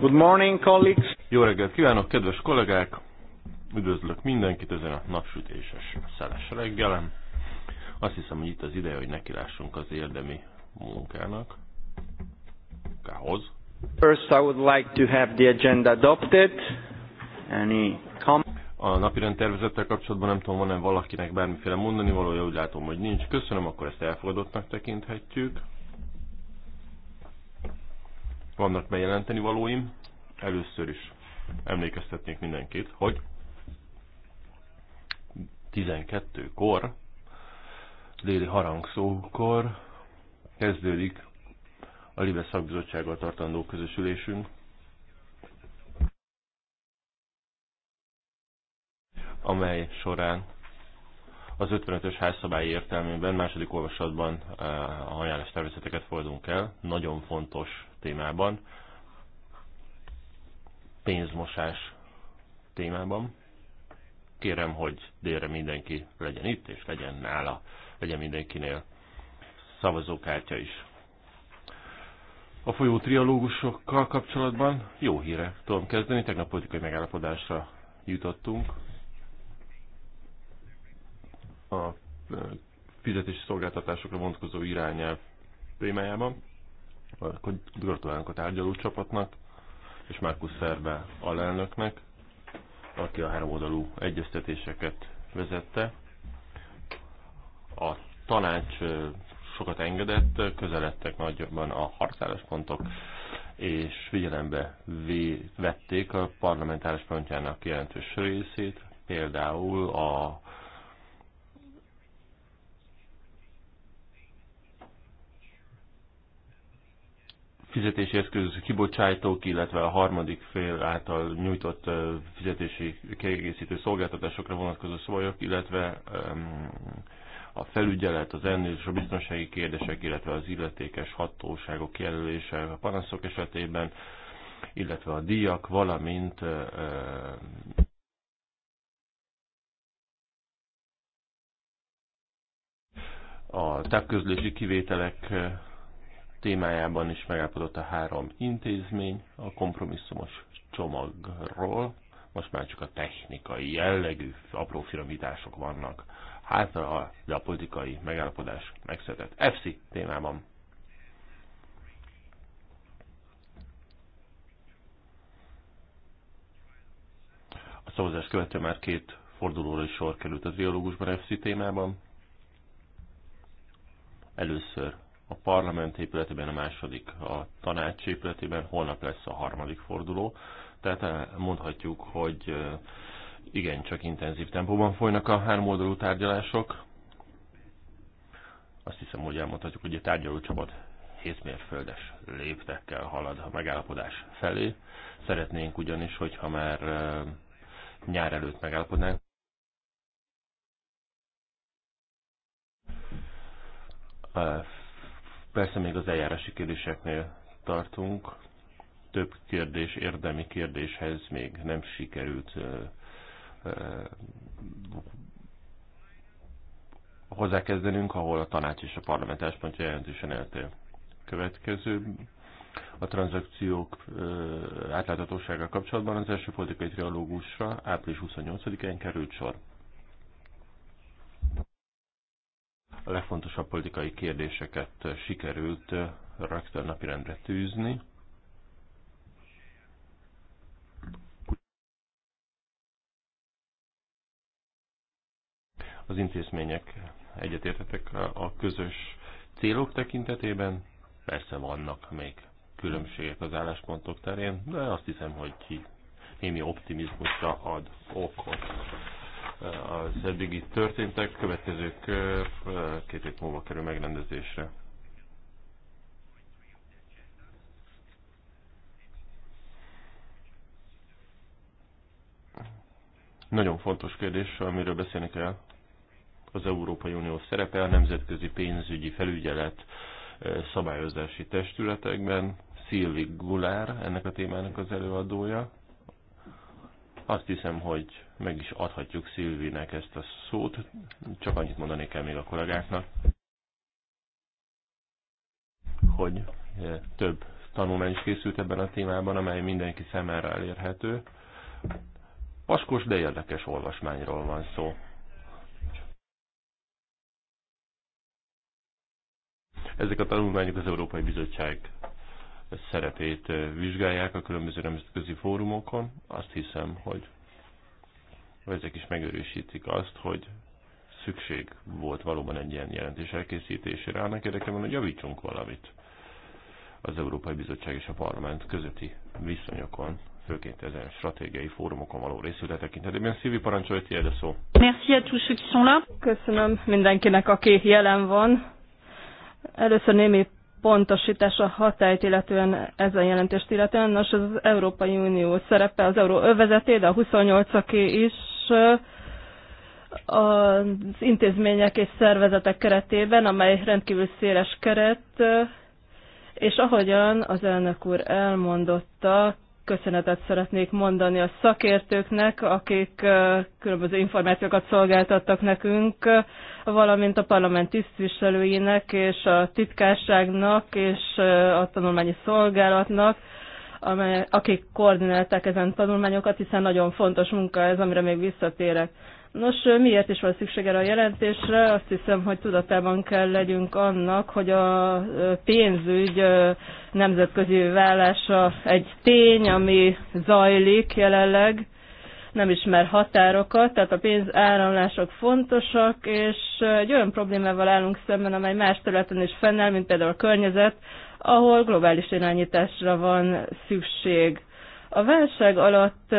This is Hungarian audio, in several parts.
Good morning, colleagues. Jó reggelt kívánok, kedves kollégák! Üdvözlök mindenkit ezen a napsütéses, szeles reggelen. Azt hiszem, hogy itt az ideje, hogy nekilássunk az érdemi munkának. Kához. First, I would like to have the agenda adopted. Any comments? a napi rendtervezettel kapcsolatban nem tudom, van-e valakinek bármiféle mondani valója, úgy látom, hogy nincs. Köszönöm, akkor ezt elfogadottnak tekinthetjük. Vannak bejelenteni valóim. Először is emlékeztetnék mindenkit, hogy 12-kor, déli harangszókor kezdődik a Libe szakbizottsággal tartandó közösülésünk, amely során az 55-ös házszabály értelmében második olvasatban eh, a ajánlás tervezeteket fordulunk el, nagyon fontos témában, pénzmosás témában. Kérem, hogy délre mindenki legyen itt, és legyen nála, legyen mindenkinél szavazókártya is. A folyó trialógusokkal kapcsolatban jó híre tudom kezdeni, tegnap politikai megállapodásra jutottunk, a fizetési szolgáltatásokra vonatkozó irányelv témájában. Gratulálunk a tárgyaló csapatnak, és Márkusz Szerbe alelnöknek, aki a háromoldalú egyeztetéseket vezette. A tanács sokat engedett, közeledtek nagyobban a harcálláspontok, és figyelembe vették a parlamentáris pontjának jelentős részét, például a fizetési eszköz kibocsátók, illetve a harmadik fél által nyújtott fizetési kiegészítő szolgáltatásokra vonatkozó szabályok, illetve a felügyelet, az elnőzés, a biztonsági kérdések, illetve az illetékes hatóságok jelölése a panaszok esetében, illetve a díjak, valamint a távközlési kivételek témájában is megállapodott a három intézmény a kompromisszumos csomagról. Most már csak a technikai jellegű apró finomítások vannak. a, de a politikai megállapodás megszületett. FC témában A szavazás követően már két fordulóra is sor került a triológusban FC témában. Először a parlament épületében a második, a tanács épületében, holnap lesz a harmadik forduló. Tehát eh, mondhatjuk, hogy eh, igen, csak intenzív tempóban folynak a oldalú tárgyalások. Azt hiszem, hogy elmondhatjuk, hogy a tárgyaló csapat hétmérföldes léptekkel halad a megállapodás felé. Szeretnénk ugyanis, hogyha már eh, nyár előtt megállapodnánk, Persze még az eljárási kérdéseknél tartunk. Több kérdés, érdemi kérdéshez még nem sikerült ö, ö, hozzákezdenünk, ahol a tanács és a parlament álláspontja jelentősen eltér. Következő a tranzakciók átláthatósága kapcsolatban az első politikai trialógusra április 28-án került sor. a legfontosabb politikai kérdéseket sikerült rögtön napirendre tűzni. Az intézmények egyetértetek a közös célok tekintetében, persze vannak még különbségek az álláspontok terén, de azt hiszem, hogy némi optimizmusra ad okot az eddigi történtek, következő kör két hét múlva kerül megrendezésre. Nagyon fontos kérdés, amiről beszélni kell. Az Európai Unió szerepe a nemzetközi pénzügyi felügyelet szabályozási testületekben. Szilvi Gulár ennek a témának az előadója. Azt hiszem, hogy meg is adhatjuk Szilvinek ezt a szót, csak annyit mondanék el még a kollégáknak, hogy e, több tanulmány is készült ebben a témában, amely mindenki számára elérhető. Paskos, de érdekes olvasmányról van szó. Ezek a tanulmányok az Európai Bizottság szerepét vizsgálják a különböző nemzetközi fórumokon. Azt hiszem, hogy ezek is megerősítik azt, hogy szükség volt valóban egy ilyen jelentés elkészítésére, annak érdekében, hogy javítsunk valamit az Európai Bizottság és a Parlament közötti viszonyokon, főként ezen stratégiai fórumokon való részülte tekintetében. Szívi parancsolja, tiéd a szó. Merci tous ceux qui sont là. Köszönöm mindenkinek, aki jelen van. Először némi pontosítás a hatályt, illetően ezen jelentést illetően. Nos, az Európai Unió szerepe az euró övezeté, de a 28-aké is az intézmények és szervezetek keretében, amely rendkívül széles keret, és ahogyan az elnök úr elmondotta, köszönetet szeretnék mondani a szakértőknek, akik különböző információkat szolgáltattak nekünk, valamint a parlament tisztviselőinek és a titkárságnak és a tanulmányi szolgálatnak, amely, akik koordinálták ezen tanulmányokat, hiszen nagyon fontos munka ez, amire még visszatérek. Nos, miért is van szükség erre a jelentésre? Azt hiszem, hogy tudatában kell legyünk annak, hogy a pénzügy nemzetközi vállása egy tény, ami zajlik jelenleg, nem ismer határokat, tehát a pénzáramlások fontosak, és egy olyan problémával állunk szemben, amely más területen is fennáll, mint például a környezet, ahol globális irányításra van szükség a válság alatt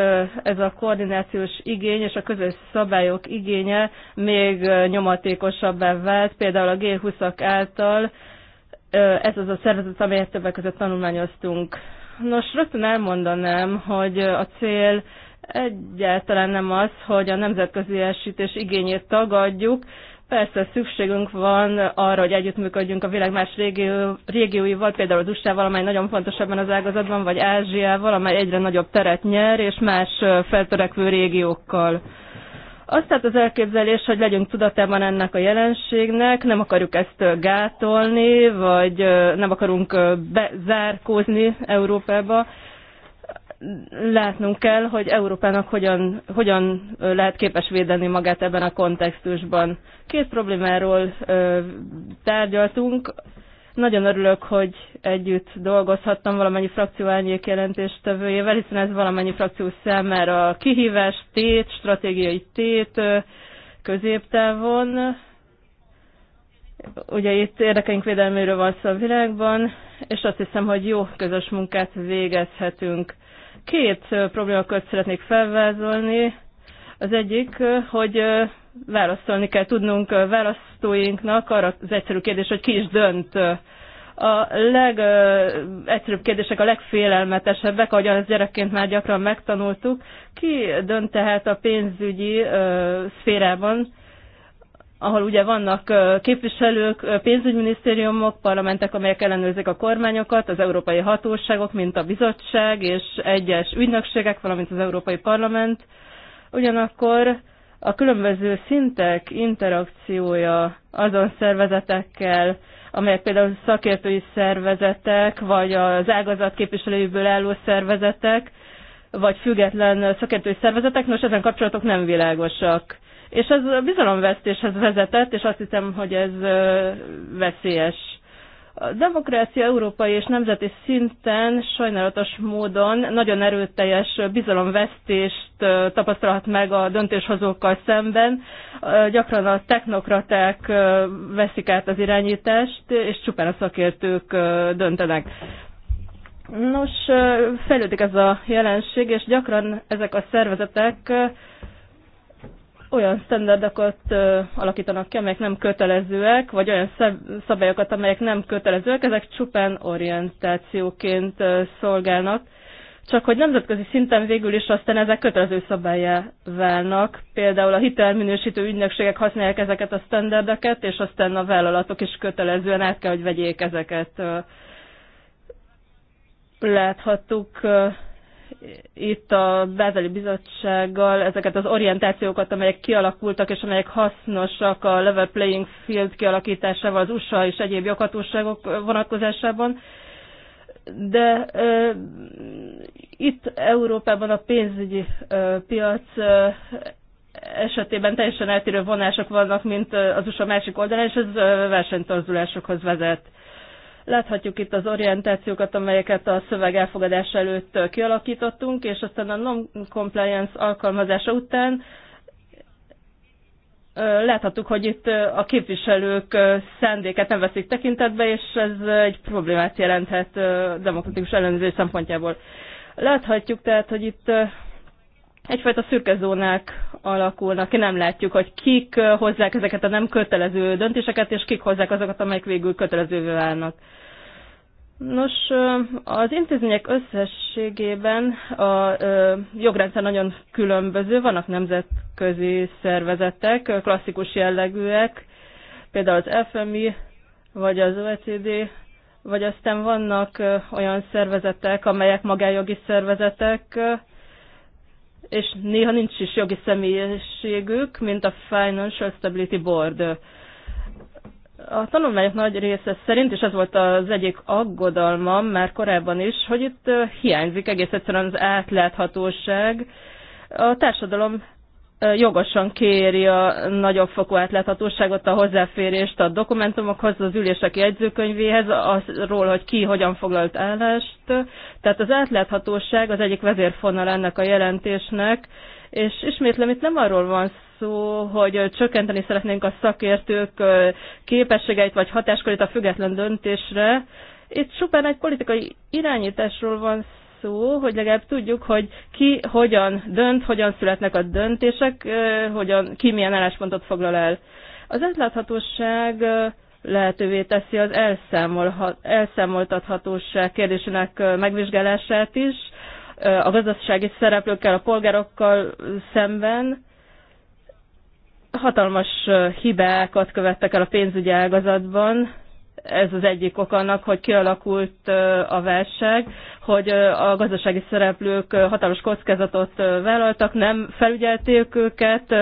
ez a koordinációs igény és a közös szabályok igénye még nyomatékosabbá vált, például a G20-ak által, ez az a szervezet, amelyet többek között tanulmányoztunk. Nos, rögtön elmondanám, hogy a cél egyáltalán nem az, hogy a nemzetközi esítés igényét tagadjuk, Persze szükségünk van arra, hogy együttműködjünk a világ más régió, régióival, például az USA-val, nagyon fontos ebben az ágazatban, vagy Ázsiával, amely egyre nagyobb teret nyer, és más feltörekvő régiókkal. Azt tehát az elképzelés, hogy legyünk tudatában ennek a jelenségnek, nem akarjuk ezt gátolni, vagy nem akarunk bezárkózni Európába, látnunk kell, hogy Európának hogyan, hogyan lehet képes védeni magát ebben a kontextusban. Két problémáról tárgyaltunk. Nagyon örülök, hogy együtt dolgozhattam valamennyi frakció árnyék jelentéstevőjével, hiszen ez valamennyi frakció számára kihívás, tét, stratégiai tét középtávon. Ugye itt érdekeink védelméről van szó a világban, és azt hiszem, hogy jó közös munkát végezhetünk. Két problémakört szeretnék felvázolni. Az egyik, hogy választolni kell tudnunk választóinknak arra az egyszerű kérdés, hogy ki is dönt. A legegyszerűbb kérdések a legfélelmetesebbek, ahogyan ezt gyerekként már gyakran megtanultuk. Ki dönt tehát a pénzügyi szférában, ahol ugye vannak képviselők, pénzügyminisztériumok, parlamentek, amelyek ellenőrzik a kormányokat, az európai hatóságok, mint a bizottság és egyes ügynökségek, valamint az Európai Parlament. Ugyanakkor a különböző szintek interakciója azon szervezetekkel, amelyek például szakértői szervezetek, vagy az ágazat képviselőiből álló szervezetek, vagy független szakértői szervezetek, nos ezen kapcsolatok nem világosak és ez bizalomvesztéshez vezetett, és azt hiszem, hogy ez veszélyes. A demokrácia európai és nemzeti szinten sajnálatos módon nagyon erőteljes bizalomvesztést tapasztalhat meg a döntéshozókkal szemben. Gyakran a technokraták veszik át az irányítást, és csupán a szakértők döntenek. Nos, fejlődik ez a jelenség, és gyakran ezek a szervezetek olyan standardokat alakítanak ki, amelyek nem kötelezőek, vagy olyan szabályokat, amelyek nem kötelezőek, ezek csupán orientációként szolgálnak, csak hogy nemzetközi szinten végül is aztán ezek kötelező szabályá válnak. Például a hitelminősítő ügynökségek használják ezeket a standardeket, és aztán a vállalatok is kötelezően át kell, hogy vegyék ezeket. Láthattuk itt a Bázeli Bizottsággal ezeket az orientációkat, amelyek kialakultak és amelyek hasznosak a level playing field kialakításával az USA és egyéb joghatóságok vonatkozásában. De e, itt Európában a pénzügyi e, piac e, esetében teljesen eltérő vonások vannak, mint az USA másik oldalán, és ez versenytorzulásokhoz vezet. E, Láthatjuk itt az orientációkat, amelyeket a szöveg elfogadás előtt kialakítottunk, és aztán a non-compliance alkalmazása után láthattuk, hogy itt a képviselők szándéket nem veszik tekintetbe, és ez egy problémát jelenthet demokratikus ellenőrzés szempontjából. Láthatjuk tehát, hogy itt egyfajta szürke zónák alakulnak, nem látjuk, hogy kik hozzák ezeket a nem kötelező döntéseket, és kik hozzák azokat, amelyek végül kötelezővé válnak. Nos, az intézmények összességében a jogrendszer nagyon különböző, vannak nemzetközi szervezetek, klasszikus jellegűek, például az FMI, vagy az OECD, vagy aztán vannak olyan szervezetek, amelyek magájogi szervezetek, és néha nincs is jogi személyiségük, mint a Financial Stability Board. A tanulmányok nagy része szerint, és ez volt az egyik aggodalmam már korábban is, hogy itt hiányzik egész egyszerűen az átláthatóság. A társadalom jogosan kéri a nagyobb fokú átláthatóságot, a hozzáférést a dokumentumokhoz, az ülések jegyzőkönyvéhez, arról, hogy ki hogyan foglalt állást. Tehát az átláthatóság az egyik vezérfonal ennek a jelentésnek, és ismétlem, itt nem arról van szó, hogy csökkenteni szeretnénk a szakértők képességeit vagy hatáskörét a független döntésre. Itt csupán egy politikai irányításról van szó, hogy legalább tudjuk, hogy ki hogyan dönt, hogyan születnek a döntések, hogyan, ki milyen álláspontot foglal el. Az átláthatóság lehetővé teszi az elszámoltathatóság kérdésének megvizsgálását is, a gazdasági szereplőkkel, a polgárokkal szemben, hatalmas hibákat követtek el a pénzügyi ágazatban, ez az egyik ok annak, hogy kialakult a válság, hogy a gazdasági szereplők hatalmas kockázatot vállaltak, nem felügyelték őket,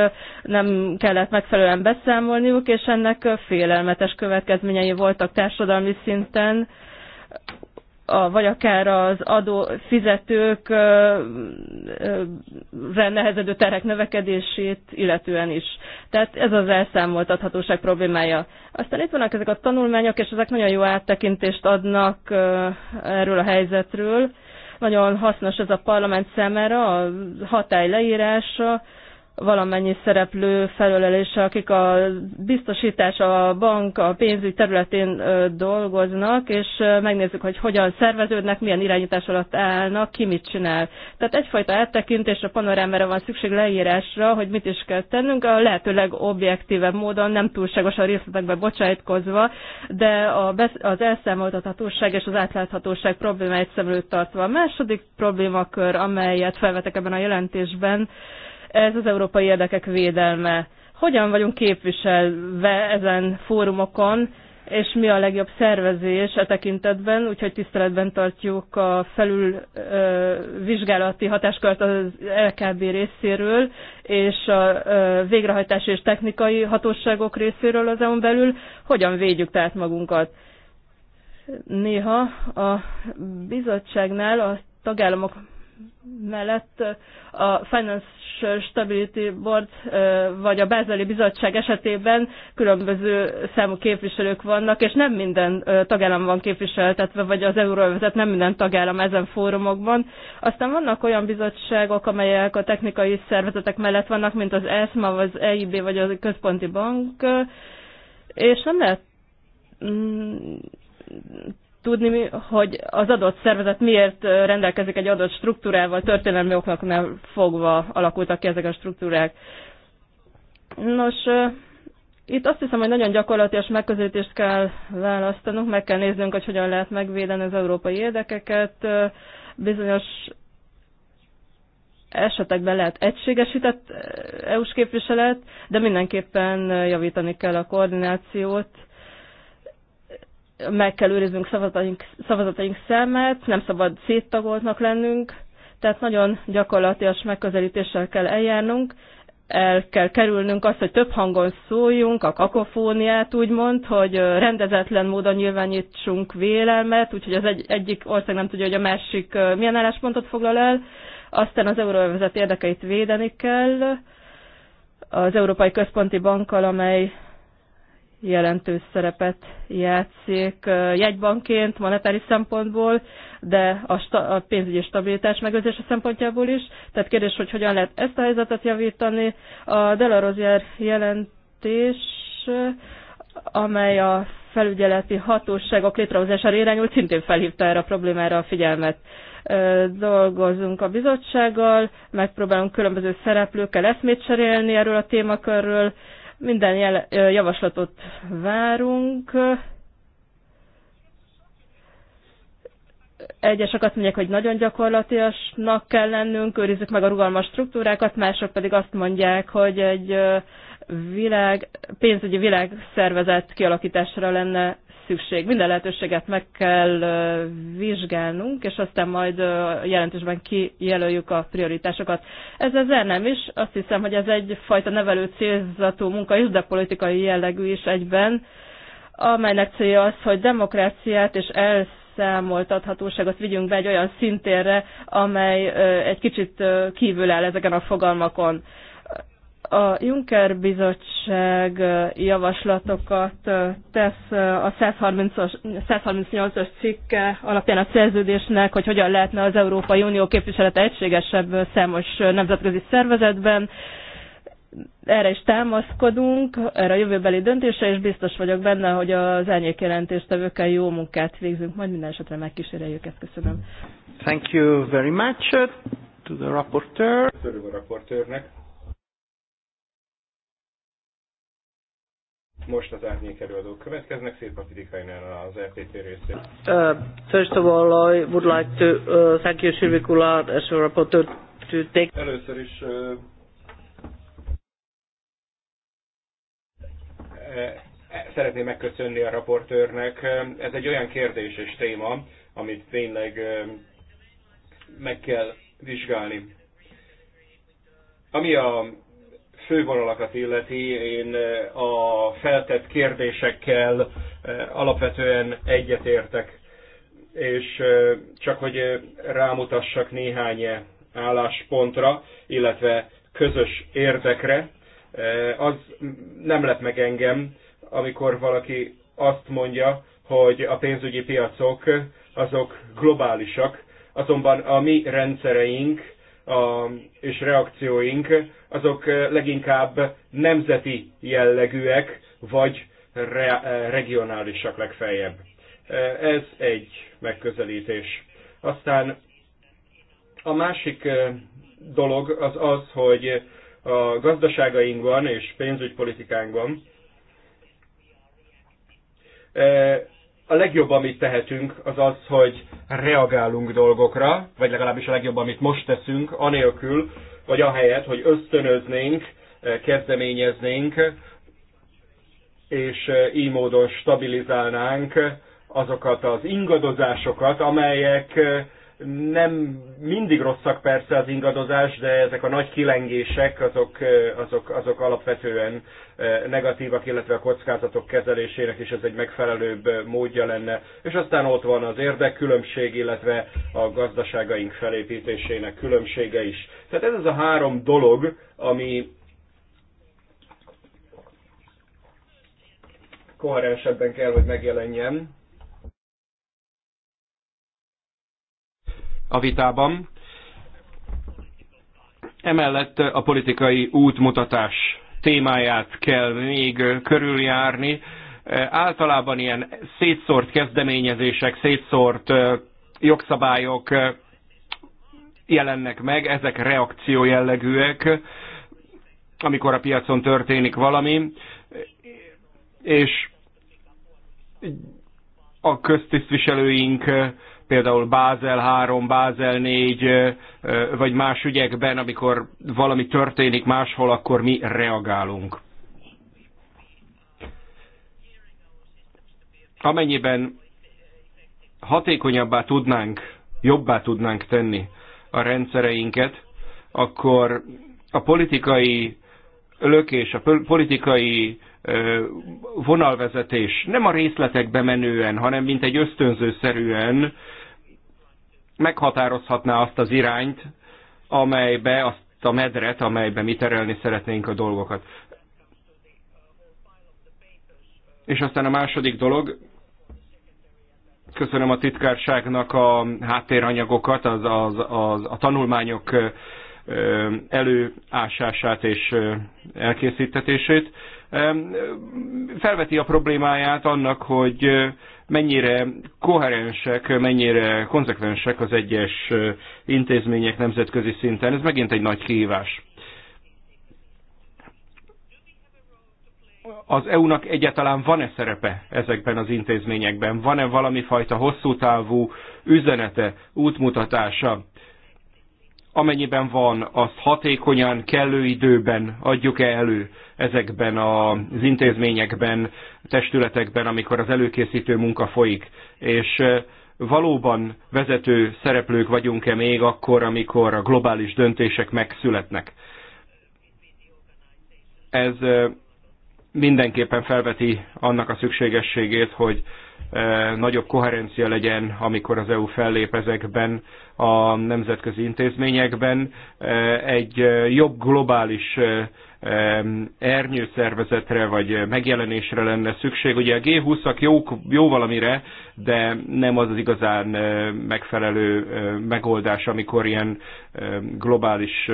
nem kellett megfelelően beszámolniuk, és ennek félelmetes következményei voltak társadalmi szinten a, vagy akár az fizetők nehezedő terhek növekedését illetően is. Tehát ez az elszámoltathatóság problémája. Aztán itt vannak ezek a tanulmányok, és ezek nagyon jó áttekintést adnak erről a helyzetről. Nagyon hasznos ez a parlament számára, a hatály leírása, valamennyi szereplő felölelése, akik a biztosítás, a bank, a pénzügy területén dolgoznak, és megnézzük, hogy hogyan szerveződnek, milyen irányítás alatt állnak, ki mit csinál. Tehát egyfajta áttekintés, a panorámára van szükség leírásra, hogy mit is kell tennünk, a lehető legobjektívebb módon, nem túlságosan részletekbe bocsájtkozva, de az elszámoltathatóság és az átláthatóság problémáit szem előtt tartva. A második problémakör, amelyet felvetek ebben a jelentésben, ez az európai érdekek védelme. Hogyan vagyunk képviselve ezen fórumokon, és mi a legjobb szervezés a e tekintetben, úgyhogy tiszteletben tartjuk a felülvizsgálati hatáskört az LKB részéről, és a végrehajtási és technikai hatóságok részéről az EU-n belül, hogyan védjük tehát magunkat. Néha a bizottságnál a tagállamok mellett a Financial Stability Board vagy a Bázeli Bizottság esetében különböző számú képviselők vannak, és nem minden tagállam van képviseltetve, vagy az euróvezet nem minden tagállam ezen fórumokban. Aztán vannak olyan bizottságok, amelyek a technikai szervezetek mellett vannak, mint az ESMA, vagy az EIB, vagy a Központi Bank, és nem lehet mm, tudni, hogy az adott szervezet miért rendelkezik egy adott struktúrával, történelmi oknaknál fogva alakultak ki ezek a struktúrák. Nos, itt azt hiszem, hogy nagyon gyakorlatilag megközelítést kell választanunk, meg kell néznünk, hogy hogyan lehet megvédeni az európai érdekeket. Bizonyos esetekben lehet egységesített EU-s képviselet, de mindenképpen javítani kell a koordinációt meg kell őriznünk szavazataink, szavazataink számát, nem szabad széttagoltnak lennünk, tehát nagyon gyakorlatias megközelítéssel kell eljárnunk, el kell kerülnünk azt, hogy több hangon szóljunk, a kakofóniát úgymond, hogy rendezetlen módon nyilvánítsunk vélelmet, úgyhogy az egy, egyik ország nem tudja, hogy a másik milyen álláspontot foglal el, aztán az euróvezet érdekeit védeni kell, az Európai Központi Bankkal, amely jelentős szerepet játszik jegybanként, monetári szempontból, de a, sta- a pénzügyi stabilitás megőrzése szempontjából is. Tehát kérdés, hogy hogyan lehet ezt a helyzetet javítani. A Delarozier jelentés, amely a felügyeleti hatóságok létrehozására irányult, szintén felhívta erre a problémára a figyelmet dolgozunk a bizottsággal, megpróbálunk különböző szereplőkkel eszmét cserélni erről a témakörről, minden jele, javaslatot várunk. Egyesek azt mondják, hogy nagyon gyakorlatiasnak kell lennünk, őrizzük meg a rugalmas struktúrákat, mások pedig azt mondják, hogy egy világ, pénzügyi világszervezet kialakításra lenne szükség. Minden lehetőséget meg kell vizsgálnunk, és aztán majd jelentősben kijelöljük a prioritásokat. Ez az nem is. Azt hiszem, hogy ez egyfajta nevelő célzatú munka is, de politikai jellegű is egyben, amelynek célja az, hogy demokráciát és elszámoltathatóságot vigyünk be egy olyan szintérre, amely egy kicsit kívül áll ezeken a fogalmakon a Juncker bizottság javaslatokat tesz a 138-as cikke alapján a szerződésnek, hogy hogyan lehetne az Európai Unió képviselete egységesebb számos nemzetközi szervezetben. Erre is támaszkodunk, erre a jövőbeli döntése, és biztos vagyok benne, hogy az elnyék jelentéstevőkkel jó munkát végzünk, majd minden esetre megkíséreljük ezt. Köszönöm. Thank you very much to the rapporteur. Köszönöm a rapporteurnek. Most az árnyék előadók következnek, szép Patitikainen az RTT részét. Uh, first of all, I would like to uh, thank you, Sylvie as a reporter, to take... Először is uh, eh, eh, szeretném megköszönni a raportőrnek. Ez egy olyan kérdés és téma, amit tényleg eh, meg kell vizsgálni. Ami a fővonalakat illeti, én eh, a feltett kérdésekkel eh, alapvetően egyetértek, és eh, csak hogy rámutassak néhány álláspontra, illetve közös érdekre, az nem lett meg engem, amikor valaki azt mondja, hogy a pénzügyi piacok azok globálisak, azonban a mi rendszereink a, és reakcióink, azok leginkább nemzeti jellegűek, vagy re, regionálisak legfeljebb. Ez egy megközelítés. Aztán a másik dolog az az, hogy a gazdaságainkban és pénzügypolitikánkban a legjobb, amit tehetünk, az az, hogy reagálunk dolgokra, vagy legalábbis a legjobb, amit most teszünk, anélkül, vagy ahelyett, hogy ösztönöznénk, eh, kezdeményeznénk, és eh, így módon stabilizálnánk azokat az ingadozásokat, amelyek eh, nem mindig rosszak persze az ingadozás, de ezek a nagy kilengések azok, azok, azok alapvetően negatívak, illetve a kockázatok kezelésének is ez egy megfelelőbb módja lenne. És aztán ott van az érdekkülönbség, illetve a gazdaságaink felépítésének különbsége is. Tehát ez az a három dolog, ami koherensebben kell, hogy megjelenjen a vitában. Emellett a politikai útmutatás témáját kell még körüljárni. Általában ilyen szétszórt kezdeményezések, szétszórt jogszabályok jelennek meg, ezek reakció jellegűek, amikor a piacon történik valami, és a köztisztviselőink például Bázel 3, Bázel 4, vagy más ügyekben, amikor valami történik máshol, akkor mi reagálunk. Amennyiben hatékonyabbá tudnánk, jobbá tudnánk tenni a rendszereinket, akkor a politikai lökés, a politikai vonalvezetés nem a részletekbe menően, hanem mint egy ösztönzőszerűen meghatározhatná azt az irányt, amelybe, azt a medret, amelybe mi terelni szeretnénk a dolgokat. És aztán a második dolog, köszönöm a titkárságnak a háttéranyagokat, az, az, az, a tanulmányok előásását és elkészítetését felveti a problémáját annak, hogy mennyire koherensek, mennyire konzekvensek az egyes intézmények nemzetközi szinten. Ez megint egy nagy kihívás. az EU-nak egyáltalán van-e szerepe ezekben az intézményekben? Van-e valami fajta hosszú távú üzenete, útmutatása? amennyiben van, azt hatékonyan, kellő időben adjuk -e elő ezekben az intézményekben, testületekben, amikor az előkészítő munka folyik. És valóban vezető szereplők vagyunk-e még akkor, amikor a globális döntések megszületnek. Ez mindenképpen felveti annak a szükségességét, hogy e, nagyobb koherencia legyen, amikor az EU fellép ezekben a nemzetközi intézményekben. E, egy e, jobb globális ernyőszervezetre vagy megjelenésre lenne szükség. Ugye a G20-ak jó, jó valamire, de nem az az igazán megfelelő megoldás, amikor ilyen globális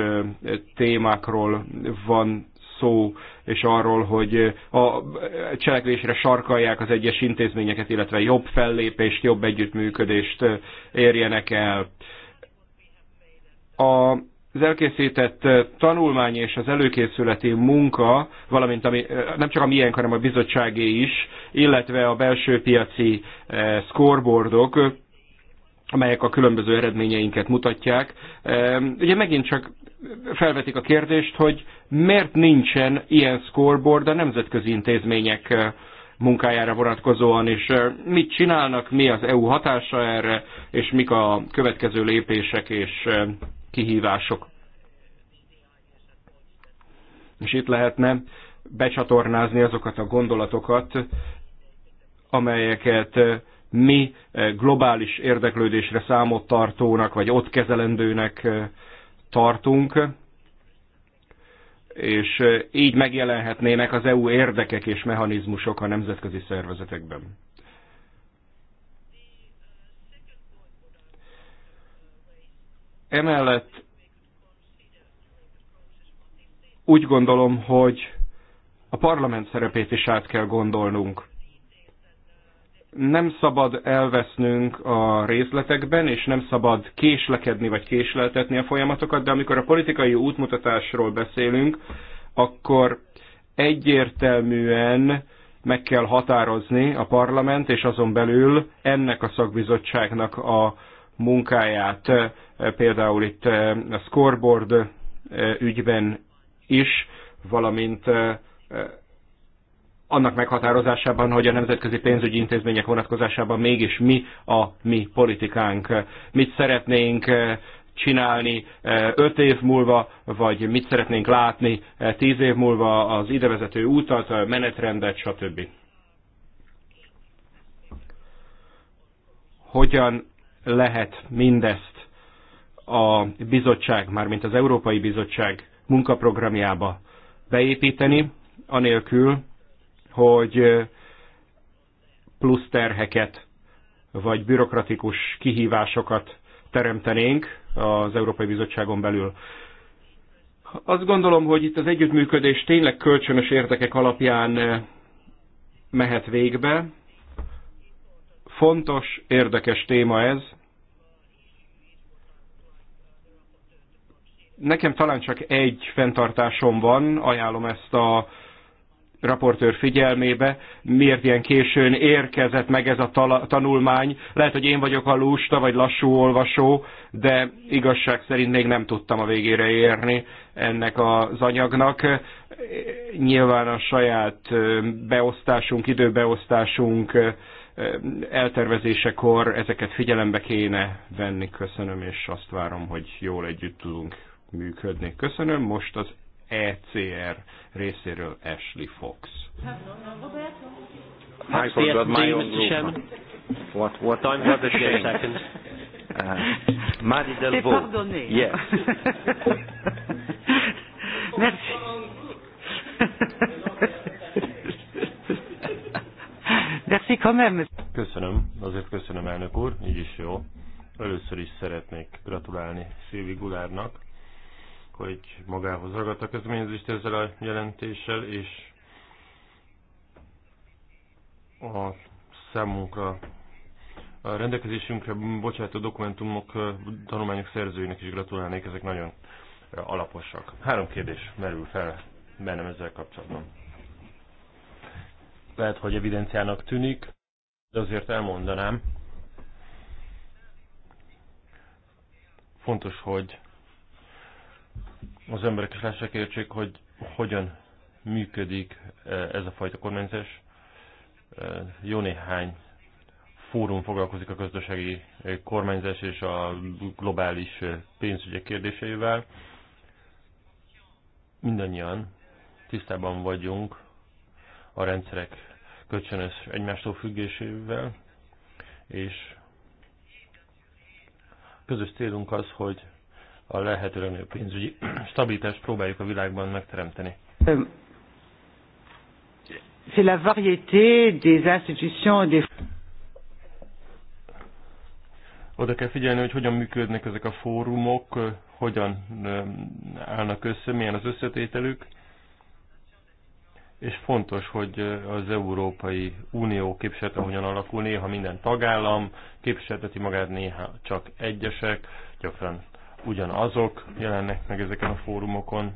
témákról van szó és arról, hogy a cselekvésre sarkalják az egyes intézményeket, illetve jobb fellépést, jobb együttműködést érjenek el. A az elkészített tanulmány és az előkészületi munka, valamint ami, nem csak a miénk, hanem a bizottságé is, illetve a belső piaci scoreboardok, amelyek a különböző eredményeinket mutatják. Ugye megint csak felvetik a kérdést, hogy miért nincsen ilyen scoreboard a nemzetközi intézmények eh, munkájára vonatkozóan, és eh, mit csinálnak, mi az EU hatása erre, és mik a következő lépések és eh, kihívások. És itt lehetne becsatornázni azokat a gondolatokat, amelyeket mi globális érdeklődésre számot tartónak, vagy ott kezelendőnek tartunk, és így megjelenhetnének az EU érdekek és mechanizmusok a nemzetközi szervezetekben. Emellett úgy gondolom, hogy a parlament szerepét is át kell gondolnunk nem szabad elvesznünk a részletekben, és nem szabad késlekedni vagy késleltetni a folyamatokat, de amikor a politikai útmutatásról beszélünk, akkor egyértelműen meg kell határozni a parlament, és azon belül ennek a szakbizottságnak a munkáját, például itt eh, a scoreboard eh, ügyben is, valamint eh, annak meghatározásában, hogy a nemzetközi pénzügyi intézmények vonatkozásában mégis mi a mi politikánk, mit szeretnénk eh, csinálni eh, öt év múlva, vagy mit szeretnénk látni eh, tíz év múlva az idevezető útat, menetrendet, stb. Hogyan lehet mindezt a bizottság, mármint az Európai Bizottság munkaprogramjába beépíteni, anélkül, hogy plusz terheket vagy bürokratikus kihívásokat teremtenénk az Európai Bizottságon belül. Azt gondolom, hogy itt az együttműködés tényleg kölcsönös érdekek alapján mehet végbe. Fontos, érdekes téma ez. Nekem talán csak egy fenntartásom van, ajánlom ezt a raportőr figyelmébe, miért ilyen későn érkezett meg ez a tanulmány. Lehet, hogy én vagyok a lusta vagy lassú olvasó, de igazság szerint még nem tudtam a végére érni ennek az anyagnak. Nyilván a saját beosztásunk, időbeosztásunk eltervezésekor ezeket figyelembe kéne venni. Köszönöm, és azt várom, hogy jól együtt tudunk működni. Köszönöm, most az ECR részéről Ashley Fox. I forgot my own group. What, what, Time what the shame. Uh, Marie Delvaux. Yes. Merci. Merci quand même. Köszönöm, azért köszönöm elnök úr, így is jó. Először is szeretnék gratulálni Szilvi Gulárnak hogy magához ragadt a kezdeményezést ezzel a jelentéssel, és a számunkra a rendelkezésünkre bocsátó dokumentumok, tanulmányok szerzőinek is gratulálnék, ezek nagyon alaposak. Három kérdés merül fel bennem ezzel kapcsolatban. Lehet, hogy evidenciának tűnik, de azért elmondanám. Fontos, hogy az emberek is lássák értsék, hogy hogyan működik e, ez a fajta kormányzás. E, jó néhány fórum foglalkozik a gazdasági e, kormányzás és a globális pénzügyek kérdéseivel. Mindannyian tisztában vagyunk a rendszerek kölcsönös egymástól függésével, és közös célunk az, hogy a lehető legnagyobb pénzügyi stabilitást próbáljuk a világban megteremteni. Euh, c'est la variété des institutions des... Oda kell figyelni, hogy hogyan működnek ezek a fórumok, euh, hogyan euh, állnak össze, milyen az összetételük, és fontos, hogy az Európai Unió képviselte hogyan alakul. Néha minden tagállam képviselteti magát, néha csak egyesek, gyakran ugyanazok jelennek meg ezeken a fórumokon.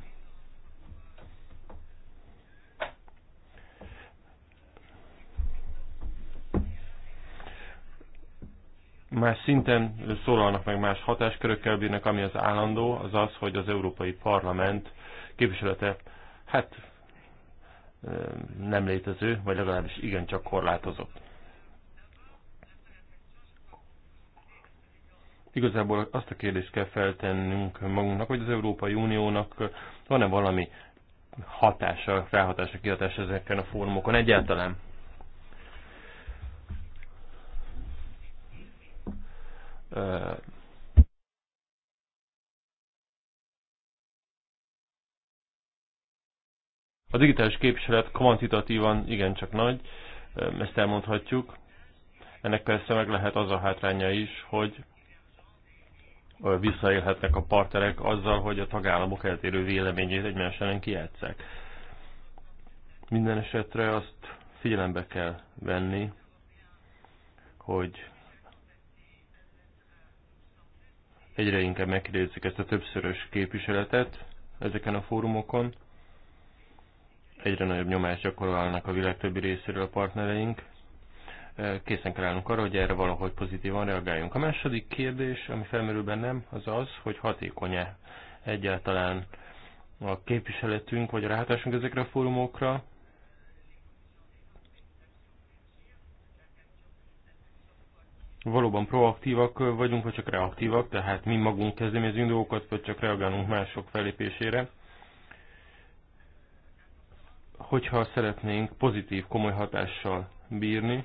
Más szinten szólalnak meg más hatáskörökkel bírnak, ami az állandó, az az, hogy az Európai Parlament képviselete, hát nem létező, vagy legalábbis igencsak korlátozott. Igazából azt a kérdést kell feltennünk magunknak, hogy az Európai Uniónak van-e valami hatása, felhatása, kihatása ezeken a fórumokon egyáltalán? A digitális képviselet kvantitatívan igencsak nagy, ezt elmondhatjuk. Ennek persze meg lehet az a hátránya is, hogy visszaélhetnek a partnerek azzal, hogy a tagállamok eltérő véleményét egymás ellen kijátszák. Minden esetre azt figyelembe kell venni, hogy egyre inkább megkérdezik ezt a többszörös képviseletet ezeken a fórumokon. Egyre nagyobb nyomást gyakorolnak a világ többi részéről a partnereink, készen kell állnunk arra, hogy erre valahogy pozitívan reagáljunk. A második kérdés, ami felmerül bennem, az az, hogy hatékony-e egyáltalán a képviseletünk, vagy a ráhatásunk ezekre a fórumokra, valóban proaktívak vagyunk, vagy csak reaktívak, tehát mi magunk kezdeményezünk dolgokat, vagy csak reagálunk mások felépésére. Hogyha szeretnénk pozitív, komoly hatással bírni,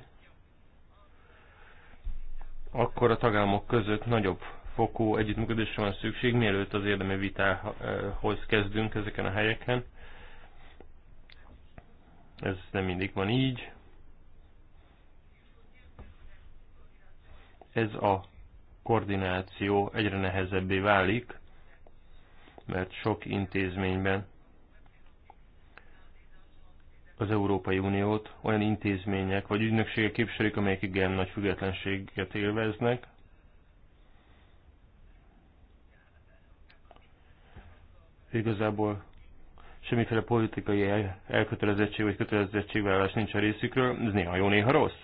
akkor a tagállamok között nagyobb fokú együttműködésre van szükség, mielőtt az érdemi vitához kezdünk ezeken a helyeken. Ez nem mindig van így. Ez a koordináció egyre nehezebbé válik, mert sok intézményben az Európai Uniót olyan intézmények vagy ügynökségek képviselik, amelyek igen nagy függetlenséget élveznek. Igazából semmiféle politikai elkötelezettség vagy kötelezettségvállalás nincs a részükről, ez néha jó, néha rossz.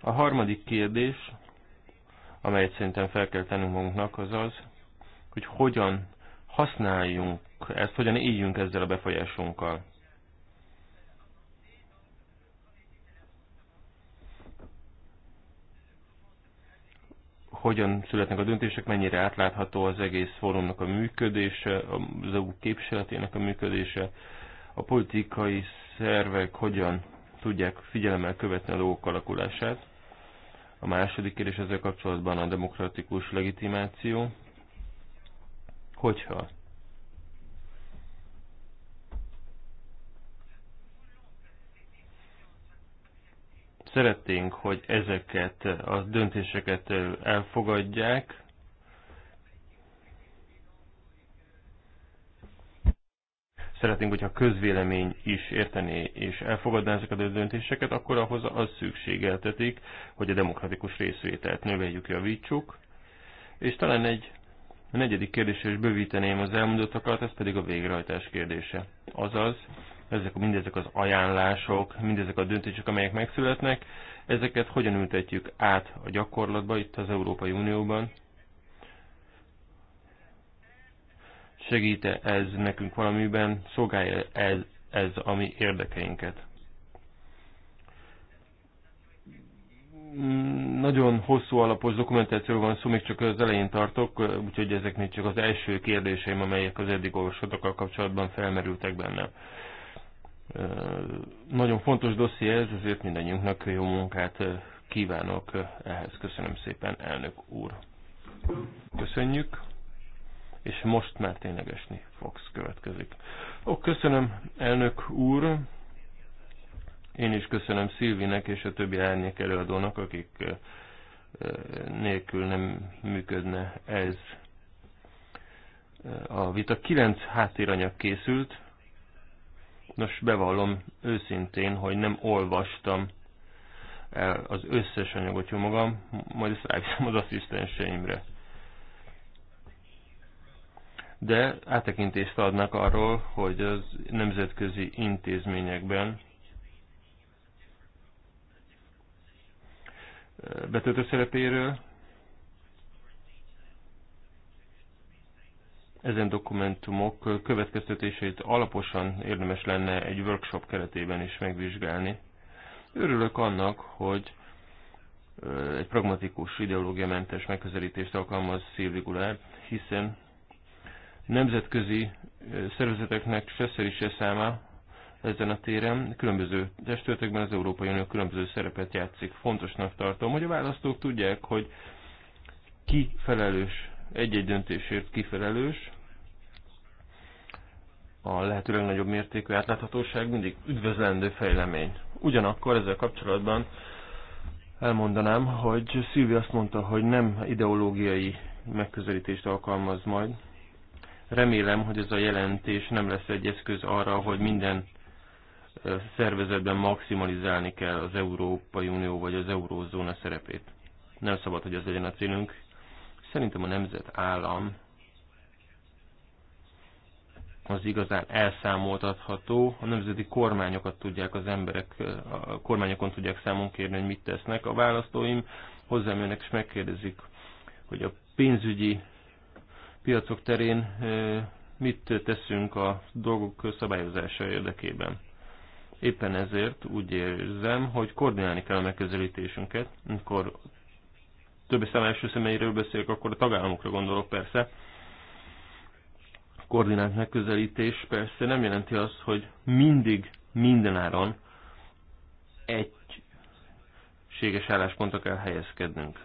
A harmadik kérdés, amelyet szerintem fel kell tennünk magunknak, az az, hogy hogyan használjunk ezt, hogyan éljünk ezzel a befolyásunkkal. hogyan születnek a döntések, mennyire átlátható az egész fórumnak a működése, az EU képviseletének a működése, a politikai szervek hogyan tudják figyelemmel követni a dolgok alakulását. A második kérdés ezzel kapcsolatban a demokratikus legitimáció. Hogyha Szeretnénk, hogy ezeket a döntéseket elfogadják, szeretnénk, hogyha a közvélemény is értené és elfogadná ezeket a döntéseket, akkor ahhoz az szükségeltetik, hogy a demokratikus részvételt növeljük, javítsuk. És talán egy negyedik kérdésre is bővíteném az elmondottakat, ez pedig a végrehajtás kérdése. Azaz, ezek mindezek az ajánlások, mindezek a döntések, amelyek megszületnek, ezeket hogyan ültetjük át a gyakorlatba itt az Európai Unióban? Segíte ez nekünk valamiben? Szolgálja ez, ez a mi érdekeinket? nagyon hosszú alapos dokumentációról van szó, még csak az elején tartok, úgyhogy ezek még csak az első kérdéseim, amelyek az eddig orvosodokkal kapcsolatban felmerültek bennem. Nagyon fontos dosszié ez, ezért mindannyiunknak jó munkát kívánok ehhez. Köszönöm szépen, elnök úr. Köszönjük, és most már ténylegesni Fox következik. Ó, köszönöm, elnök úr. Én is köszönöm Szilvinek és a többi árnyék előadónak, akik nélkül nem működne ez a vita. Kilenc háttéranyag készült, Nos, bevallom őszintén, hogy nem olvastam el az összes anyagot jó magam, majd ezt ráviszem az asszisztenseimre. De áttekintést adnak arról, hogy az nemzetközi intézményekben betöltő szerepéről, ezen dokumentumok következtetéseit alaposan érdemes lenne egy workshop keretében is megvizsgálni. Örülök annak, hogy egy pragmatikus, ideológiamentes megközelítést alkalmaz Szilvi hiszen nemzetközi szervezeteknek se szeri se száma ezen a téren, különböző testületekben az Európai Unió különböző szerepet játszik. Fontosnak tartom, hogy a választók tudják, hogy ki felelős egy-egy döntésért kifelelős, a lehető legnagyobb mértékű átláthatóság mindig üdvözlendő fejlemény. Ugyanakkor ezzel kapcsolatban elmondanám, hogy Szilvi azt mondta, hogy nem ideológiai megközelítést alkalmaz majd. Remélem, hogy ez a jelentés nem lesz egy eszköz arra, hogy minden szervezetben maximalizálni kell az Európai Unió vagy az Eurózóna szerepét. Nem szabad, hogy ez legyen a célunk, Szerintem a állam az igazán elszámoltatható. A nemzeti kormányokat tudják az emberek, a kormányokon tudják számon kérni, hogy mit tesznek. A választóim hozzám jönnek és megkérdezik, hogy a pénzügyi piacok terén mit teszünk a dolgok szabályozása érdekében. Éppen ezért úgy érzem, hogy koordinálni kell a megközelítésünket, amikor többi szám első személyről beszélek, akkor a tagállamokra gondolok persze. A koordinált megközelítés persze nem jelenti azt, hogy mindig, mindenáron egységes álláspontra kell helyezkednünk.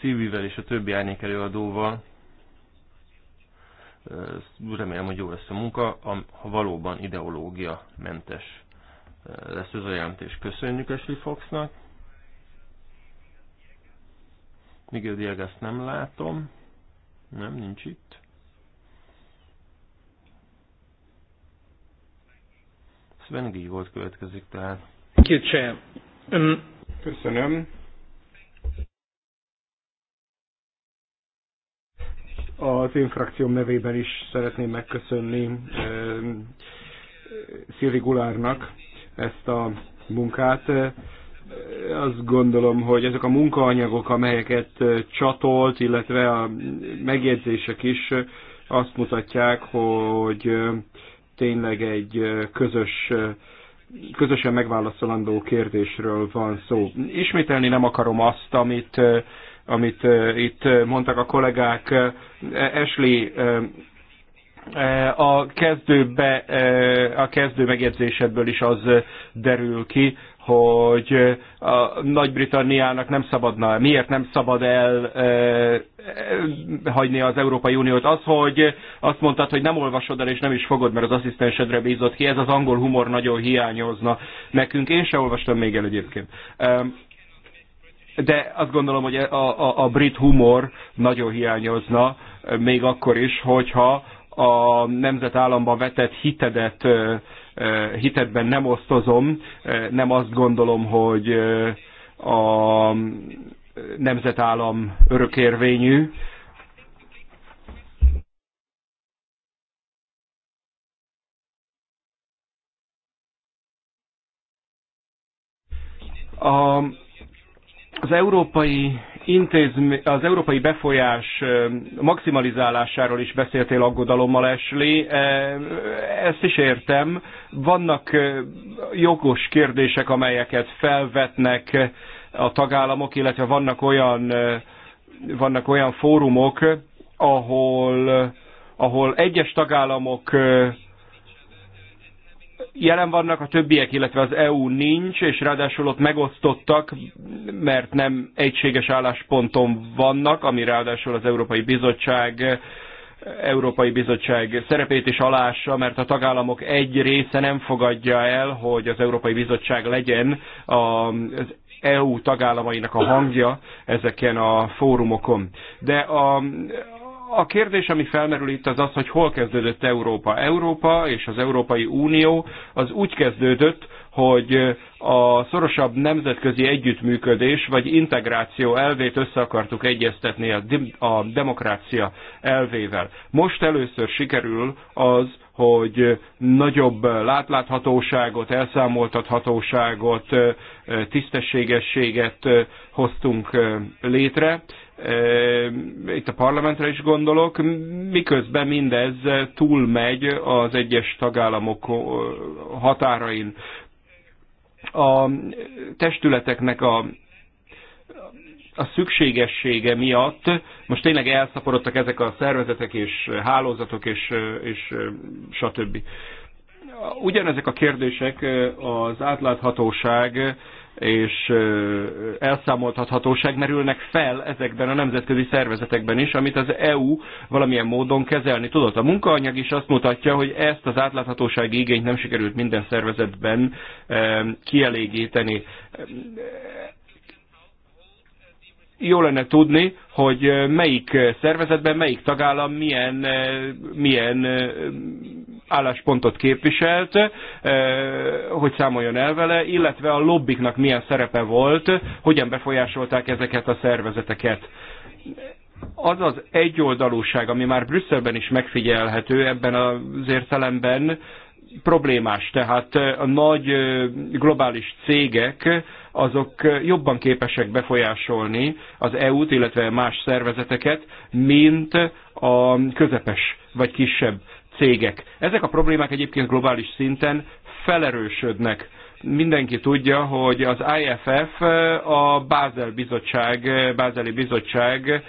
Szívivel és a többi árnyék előadóval remélem, hogy jó lesz a munka, ha valóban ideológia mentes lesz ez a jelentés. Köszönjük Ashley Foxnak! Miguel Diagas nem látom. Nem, nincs itt. Sven volt következik tehát. Köszönöm. Um, Köszönöm. Az én frakcióm nevében is szeretném megköszönni um, Szilvi Gulárnak ezt a munkát azt gondolom, hogy ezek a munkaanyagok, amelyeket csatolt, illetve a megjegyzések is azt mutatják, hogy tényleg egy közös, közösen megválaszolandó kérdésről van szó. Ismételni nem akarom azt, amit, amit itt mondtak a kollégák. Ashley, a kezdőbe, a kezdő megjegyzésedből is az derül ki, hogy a Nagy-Britanniának nem szabadna, miért nem szabad el e, hagyni az Európai Uniót. Az, hogy azt mondtad, hogy nem olvasod el és nem is fogod, mert az asszisztensedre bízott ki, ez az angol humor nagyon hiányozna nekünk. Én se olvastam még el egyébként. De azt gondolom, hogy a, a, a brit humor nagyon hiányozna, még akkor is, hogyha a nemzetállamban vetett hitedet hitetben nem osztozom, nem azt gondolom, hogy a nemzetállam örökérvényű, A, az európai intézm, az európai befolyás maximalizálásáról is beszéltél aggodalommal, esli Ezt is értem. Vannak jogos kérdések, amelyeket felvetnek a tagállamok, illetve vannak olyan, vannak olyan fórumok, ahol, ahol egyes tagállamok jelen vannak, a többiek, illetve az EU nincs, és ráadásul ott megosztottak, mert nem egységes állásponton vannak, ami ráadásul az Európai Bizottság Európai Bizottság szerepét is alássa, mert a tagállamok egy része nem fogadja el, hogy az Európai Bizottság legyen az EU tagállamainak a hangja ezeken a fórumokon. De a, a kérdés, ami felmerül itt, az az, hogy hol kezdődött Európa. Európa és az Európai Unió az úgy kezdődött, hogy a szorosabb nemzetközi együttműködés vagy integráció elvét össze akartuk egyeztetni a, a demokrácia elvével. Most először sikerül az, hogy nagyobb látláthatóságot, elszámoltathatóságot, tisztességességet hoztunk létre, itt a parlamentre is gondolok, miközben mindez túlmegy az egyes tagállamok határain. A testületeknek a, a szükségessége miatt most tényleg elszaporodtak ezek a szervezetek és hálózatok és, és stb. Ugyanezek a kérdések az átláthatóság és elszámoltathatóság merülnek fel ezekben a nemzetközi szervezetekben is, amit az EU valamilyen módon kezelni tudott. A munkaanyag is azt mutatja, hogy ezt az átláthatósági igényt nem sikerült minden szervezetben kielégíteni jó lenne tudni, hogy melyik szervezetben, melyik tagállam milyen, milyen álláspontot képviselt, hogy számoljon el vele, illetve a lobbiknak milyen szerepe volt, hogyan befolyásolták ezeket a szervezeteket. Az az egyoldalúság, ami már Brüsszelben is megfigyelhető ebben az értelemben, problémás. Tehát a nagy globális cégek azok jobban képesek befolyásolni az EU-t, illetve más szervezeteket, mint a közepes vagy kisebb cégek. Ezek a problémák egyébként globális szinten felerősödnek. Mindenki tudja, hogy az IFF a Bázel bizottság, Bázeli bizottság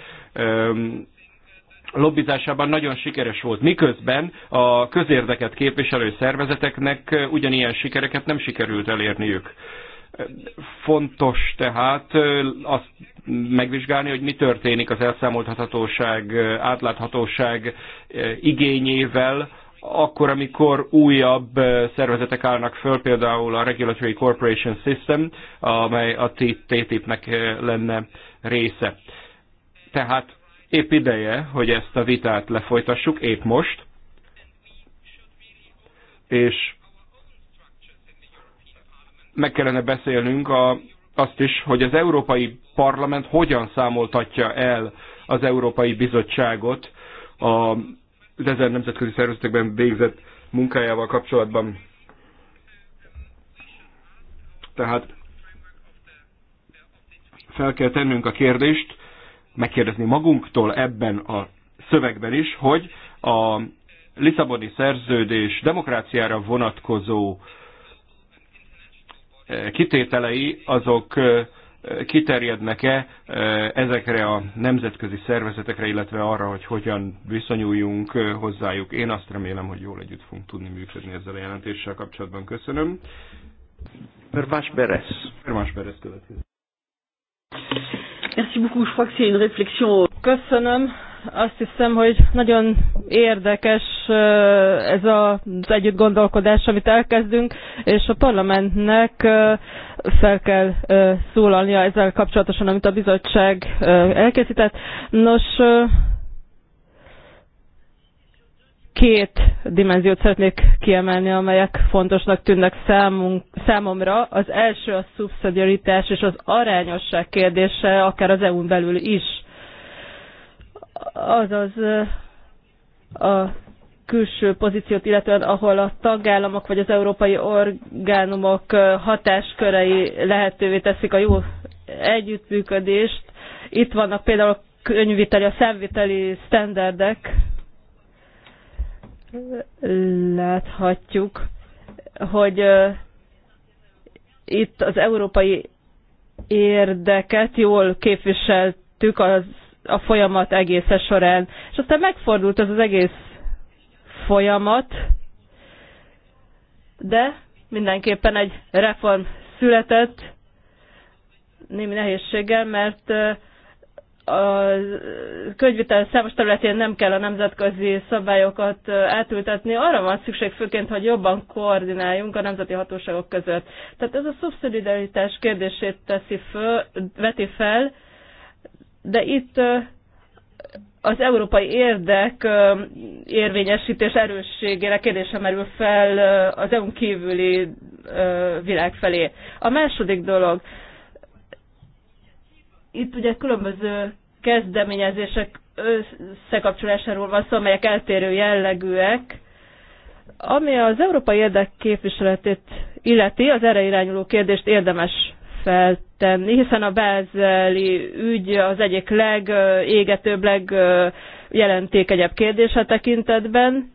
lobbizásában nagyon sikeres volt, miközben a közérdeket képviselő szervezeteknek ugyanilyen sikereket nem sikerült elérniük. Fontos tehát azt megvizsgálni, hogy mi történik az elszámolthatóság, átláthatóság igényével, akkor, amikor újabb szervezetek állnak föl, például a Regulatory Corporation System, amely a TTIP-nek lenne része. Tehát épp ideje, hogy ezt a vitát lefolytassuk, épp most, és meg kellene beszélnünk a, azt is, hogy az Európai Parlament hogyan számoltatja el az Európai Bizottságot a, az ezer nemzetközi szervezetekben végzett munkájával kapcsolatban. Tehát fel kell tennünk a kérdést, megkérdezni magunktól ebben a szövegben is, hogy a Lisszaboni szerződés demokráciára vonatkozó kitételei azok kiterjednek-e ezekre a nemzetközi szervezetekre, illetve arra, hogy hogyan viszonyuljunk hozzájuk. Én azt remélem, hogy jól együtt fogunk tudni működni ezzel a jelentéssel kapcsolatban. Köszönöm. Pervás Beres. Pervás Beres következő. Merci beaucoup, je crois que c'est une réflexion. Köszönöm, azt hiszem, hogy nagyon érdekes ez az együtt gondolkodás, amit elkezdünk, és a parlamentnek fel kell szólalnia ezzel kapcsolatosan, amit a bizottság elkészített. Nos, két dimenziót szeretnék kiemelni, amelyek fontosnak tűnnek számunk, számomra. Az első a szubszidiaritás és az arányosság kérdése, akár az EU-n belül is azaz a külső pozíciót, illetően ahol a tagállamok vagy az európai orgánumok hatáskörei lehetővé teszik a jó együttműködést. Itt vannak például a könyviteli, a számviteli sztenderdek. Láthatjuk, hogy itt az európai érdeket jól képviseltük az a folyamat egésze során. És aztán megfordult ez az egész folyamat, de mindenképpen egy reform született, némi nehézséggel, mert a könyvitel számos területén nem kell a nemzetközi szabályokat átültetni, arra van szükség főként, hogy jobban koordináljunk a nemzeti hatóságok között. Tehát ez a szubszidiaritás kérdését teszi föl, veti fel, de itt az európai érdek érvényesítés erősségére kérdése merül fel az EU-n kívüli világ felé. A második dolog, itt ugye különböző kezdeményezések összekapcsolásáról van szó, amelyek eltérő jellegűek. Ami az európai érdek képviseletét illeti, az erre irányuló kérdést érdemes feltenni, hiszen a bázeli ügy az egyik legégetőbb, legjelentékenyebb kérdése tekintetben,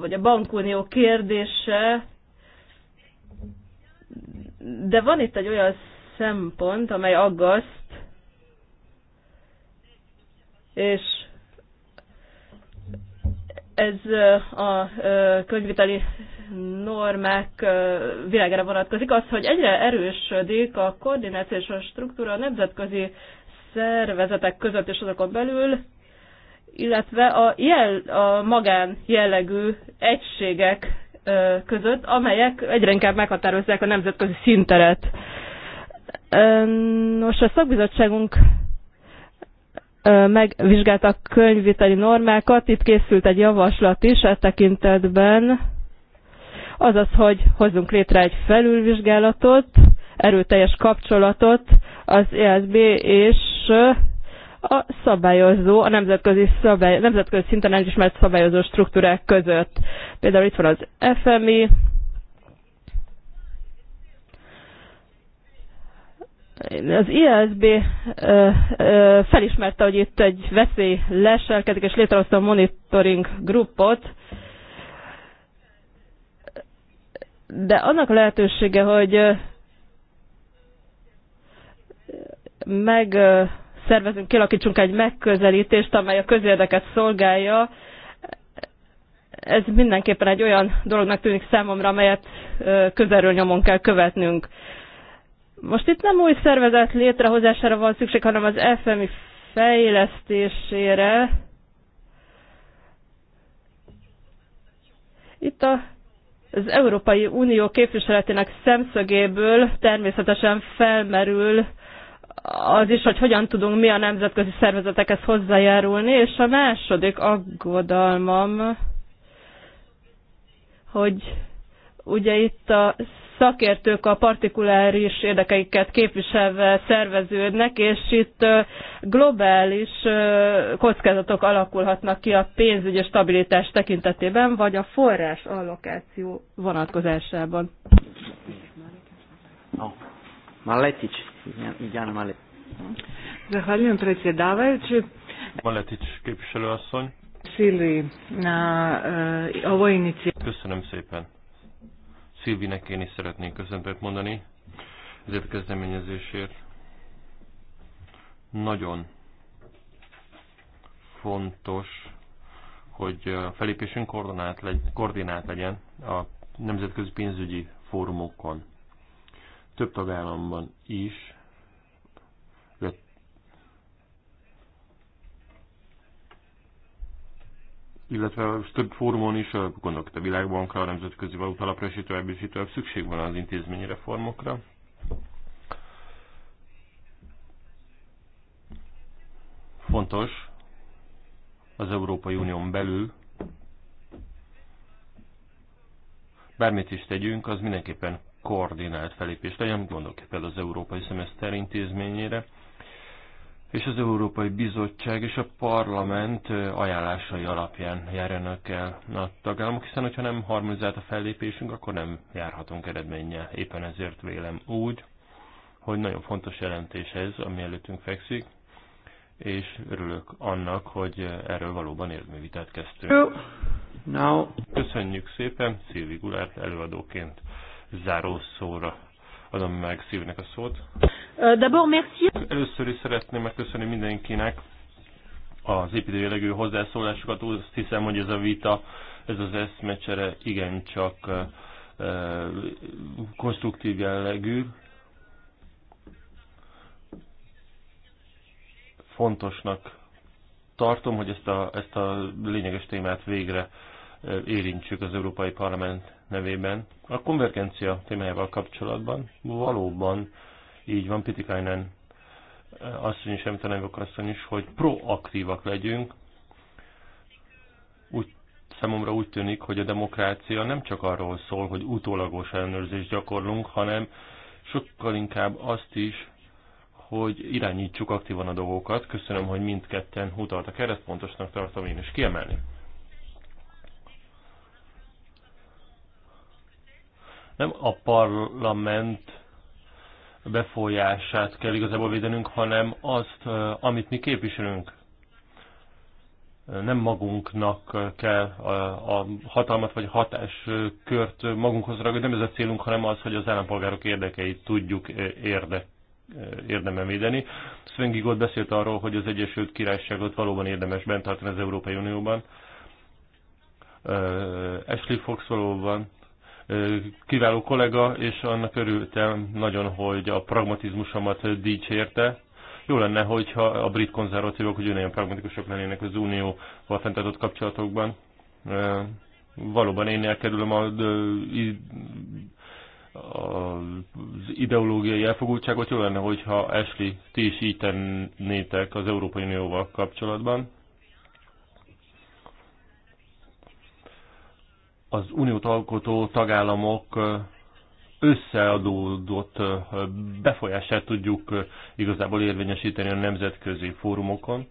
vagy a bankunió kérdése, de van itt egy olyan szempont, amely aggaszt, és ez a könyviteli normák világára vonatkozik, az, hogy egyre erősödik a koordinációs struktúra a nemzetközi szervezetek között és azokon belül, illetve a, jel, a magán jellegű egységek között, amelyek egyre inkább meghatározzák a nemzetközi szinteret. Nos, a szakbizottságunk megvizsgálta a könyvviteli normákat, itt készült egy javaslat is e tekintetben, azaz, hogy hozzunk létre egy felülvizsgálatot, erőteljes kapcsolatot az ESB és a szabályozó, a nemzetközi, szabály, nemzetközi szinten elismert szabályozó struktúrák között. Például itt van az FMI, az ISB e felismerte, hogy itt egy veszély leselkedik, és létrehozta a monitoring grupot, de annak lehetősége, hogy megszervezünk, kilakítsunk egy megközelítést, amely a közérdeket szolgálja, ez mindenképpen egy olyan dolognak tűnik számomra, amelyet közelről nyomon kell követnünk. Most itt nem új szervezet létrehozására van szükség, hanem az FMI fejlesztésére. Itt a az Európai Unió képviseletének szemszögéből természetesen felmerül az is, hogy hogyan tudunk mi a nemzetközi szervezetekhez hozzájárulni, és a második aggodalmam, hogy ugye itt a szakértők a partikuláris érdekeiket képviselve szerveződnek, és itt globális kockázatok alakulhatnak ki a pénzügyi stabilitás tekintetében, vagy a forrás allokáció vonatkozásában. Maletić, Igyana Maletić. képviselőasszony. Szili, na, uh, Köszönöm szépen. Szilvinek én is szeretnék köszöntet mondani ezért a kezdeményezésért. Nagyon fontos, hogy a felépésünk koordinált, legy, koordinált legyen a nemzetközi pénzügyi fórumokon. Több tagállamban is illetve több fórumon is, gondolok a világbankra, a nemzetközi valutalapra, és így tovább, és tovább szükség van az intézményi reformokra. Fontos az Európai Unión belül bármit is tegyünk, az mindenképpen koordinált felépés legyen, gondolok például az Európai Szemeszter intézményére, és az Európai Bizottság és a Parlament ajánlásai alapján járjanak el a tagállamok, hiszen hogyha nem harmonizált a fellépésünk, akkor nem járhatunk eredménye. Éppen ezért vélem úgy, hogy nagyon fontos jelentés ez, ami előttünk fekszik, és örülök annak, hogy erről valóban érdemi vitát kezdtünk. Now. Köszönjük szépen, Szilvi Gulárt előadóként záró szóra Adom meg szívnek a szót. Euh, d'abord, merci. Először is szeretném megköszönni mindenkinek az építőjelegű jellegű hozzászólásokat. Azt hiszem, hogy ez a vita, ez az eszmecsere igencsak konstruktív jellegű. Fontosnak tartom, hogy ezt a, ezt a lényeges témát végre érintsük az Európai Parlament nevében. A konvergencia témájával kapcsolatban valóban így van, Pitikainen eh, asszony is, Emtelenvok asszony is, hogy proaktívak legyünk. Úgy, számomra úgy tűnik, hogy a demokrácia nem csak arról szól, hogy utólagos ellenőrzést gyakorlunk, hanem sokkal inkább azt is, hogy irányítsuk aktívan a dolgokat. Köszönöm, hogy mindketten utaltak erre, pontosnak tartom én is kiemelni. nem a parlament befolyását kell igazából védenünk, hanem azt, amit mi képviselünk. Nem magunknak kell a hatalmat vagy hatáskört magunkhoz ragadni, nem ez a célunk, hanem az, hogy az állampolgárok érdekeit tudjuk érde érdemben védeni. Sven Gigot beszélt arról, hogy az Egyesült Királyságot valóban érdemes bent tartani az Európai Unióban. Ashley Fox valóban kiváló kollega, és annak örültem nagyon, hogy a pragmatizmusomat dicsérte. Jó lenne, hogyha a brit konzervatívok, hogy olyan pragmatikusok lennének az unióval fenntartott kapcsolatokban. Valóban én elkerülöm a az ideológiai elfogultságot. Jó lenne, hogyha Ashley, ti is így tennétek az Európai Unióval kapcsolatban. az uniót alkotó tagállamok összeadódott befolyását tudjuk igazából érvényesíteni a nemzetközi fórumokon.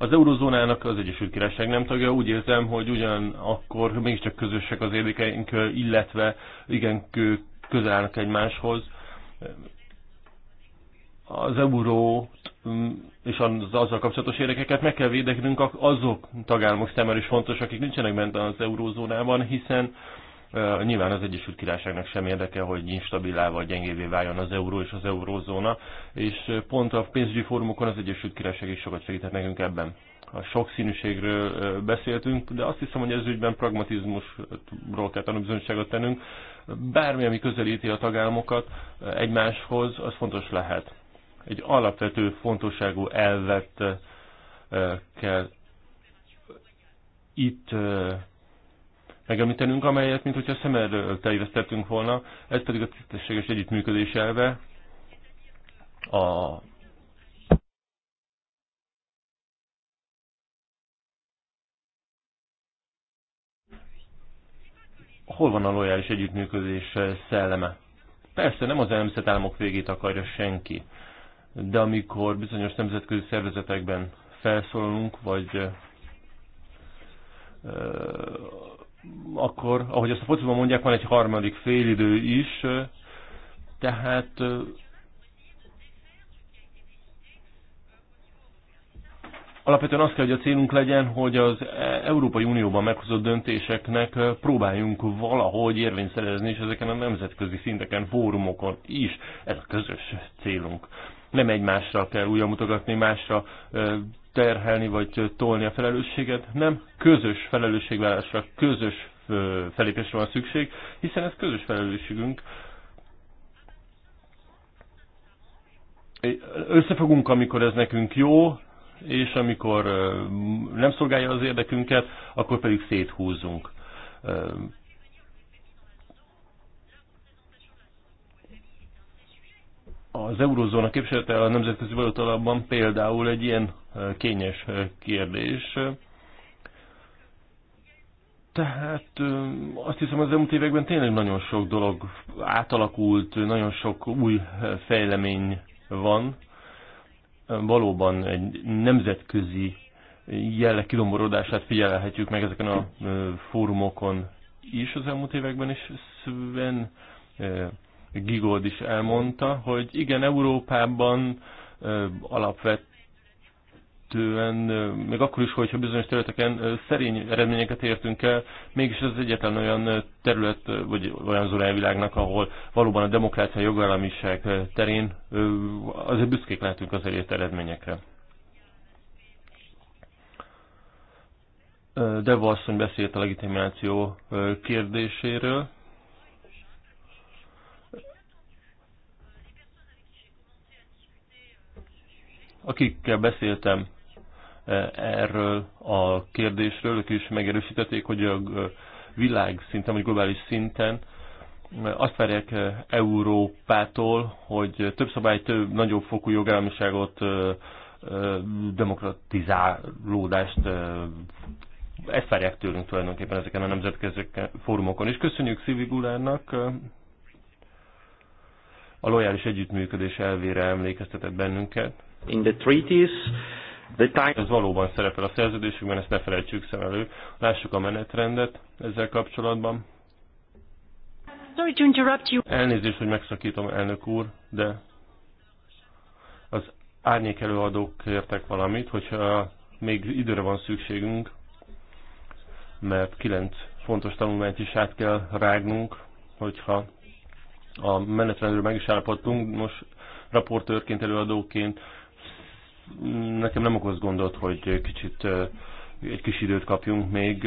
Az eurozónának az Egyesült Királyság nem tagja, úgy érzem, hogy ugyanakkor mégiscsak közösek az érdekeink, illetve igen közel állnak egymáshoz. Az euró mm, és az azzal kapcsolatos érdekeket meg kell védeknünk azok tagállamok számára is fontos, akik nincsenek bent az eurózónában, hiszen nyilván az Egyesült Királyságnak sem érdeke, hogy instabilá vagy gyengévé váljon az euró és az eurózóna, és pont a pénzügyi fórumokon az Egyesült Királyság is sokat segíthet nekünk ebben a sokszínűségről beszéltünk, de azt hiszem, hogy ez ügyben pragmatizmusról kell tanulbizonyságot tennünk. Bármi, ami közelíti a tagállamokat egymáshoz, az fontos lehet. Egy alapvető fontosságú elvet kell itt megemlítenünk, amelyet, mint hogyha szemerről teljesztettünk volna, ez pedig a tisztességes együttműködés elve, a hol van a lojális együttműködés eh, szelleme? Persze nem az elmszett államok végét akarja senki, de amikor bizonyos nemzetközi szervezetekben felszólunk, vagy eh, eh, akkor, ahogy azt a fociban mondják, van egy harmadik félidő is, tehát Alapvetően azt kell, hogy a célunk legyen, hogy az Európai Unióban meghozott döntéseknek próbáljunk valahogy érvényt szerezni, és ezeken a nemzetközi szinteken, fórumokon is. Ez a közös célunk. Nem egymásra kell újra mutogatni, másra terhelni vagy tolni a felelősséget, nem közös felelősségvállásra, közös felépésre van szükség, hiszen ez közös felelősségünk, összefogunk, amikor ez nekünk jó, és amikor nem szolgálja az érdekünket, akkor pedig széthúzzunk. Az eurozóna képviselete a nemzetközi valótalapban például egy ilyen kényes kérdés. Tehát azt hiszem az elmúlt években tényleg nagyon sok dolog átalakult, nagyon sok új fejlemény van, valóban egy nemzetközi jelleg kidomborodását figyelhetjük meg ezeken a fórumokon is az elmúlt években, és Sven Gigold is elmondta, hogy igen, Európában alapvet alapvetően, még akkor is, hogyha bizonyos területeken szerény eredményeket értünk el, mégis ez egyetlen olyan terület, vagy olyan zónája világnak, ahol valóban a demokrácia, jogállamiság terén azért büszkék lehetünk az elért eredményekre. De asszony beszélt a legitimáció kérdéséről. akikkel beszéltem E, erről a kérdésről, ők is megerősítették, hogy a világ szinten, vagy globális szinten e, azt várják e, Európától, hogy több szabály, több nagyobb fokú jogállamiságot, demokratizálódást ezt várják tőlünk tulajdonképpen ezeken a nemzetközi fórumokon. És köszönjük Szivigulárnak, a lojális együttműködés elvére emlékeztetett bennünket. In the treaties, time... Ez valóban szerepel a szerződésünkben, ezt ne felejtsük szem elő. Lássuk a menetrendet ezzel kapcsolatban. Sorry to interrupt you. Elnézést, hogy megszakítom, elnök úr, de az árnyék előadók kértek valamit, hogyha még időre van szükségünk, mert kilenc fontos tanulmányt is át kell rágnunk, hogyha a menetrendről meg is állapodtunk, most raportőrként, előadóként Nekem nem okoz gondot, hogy kicsit egy kis időt kapjunk még,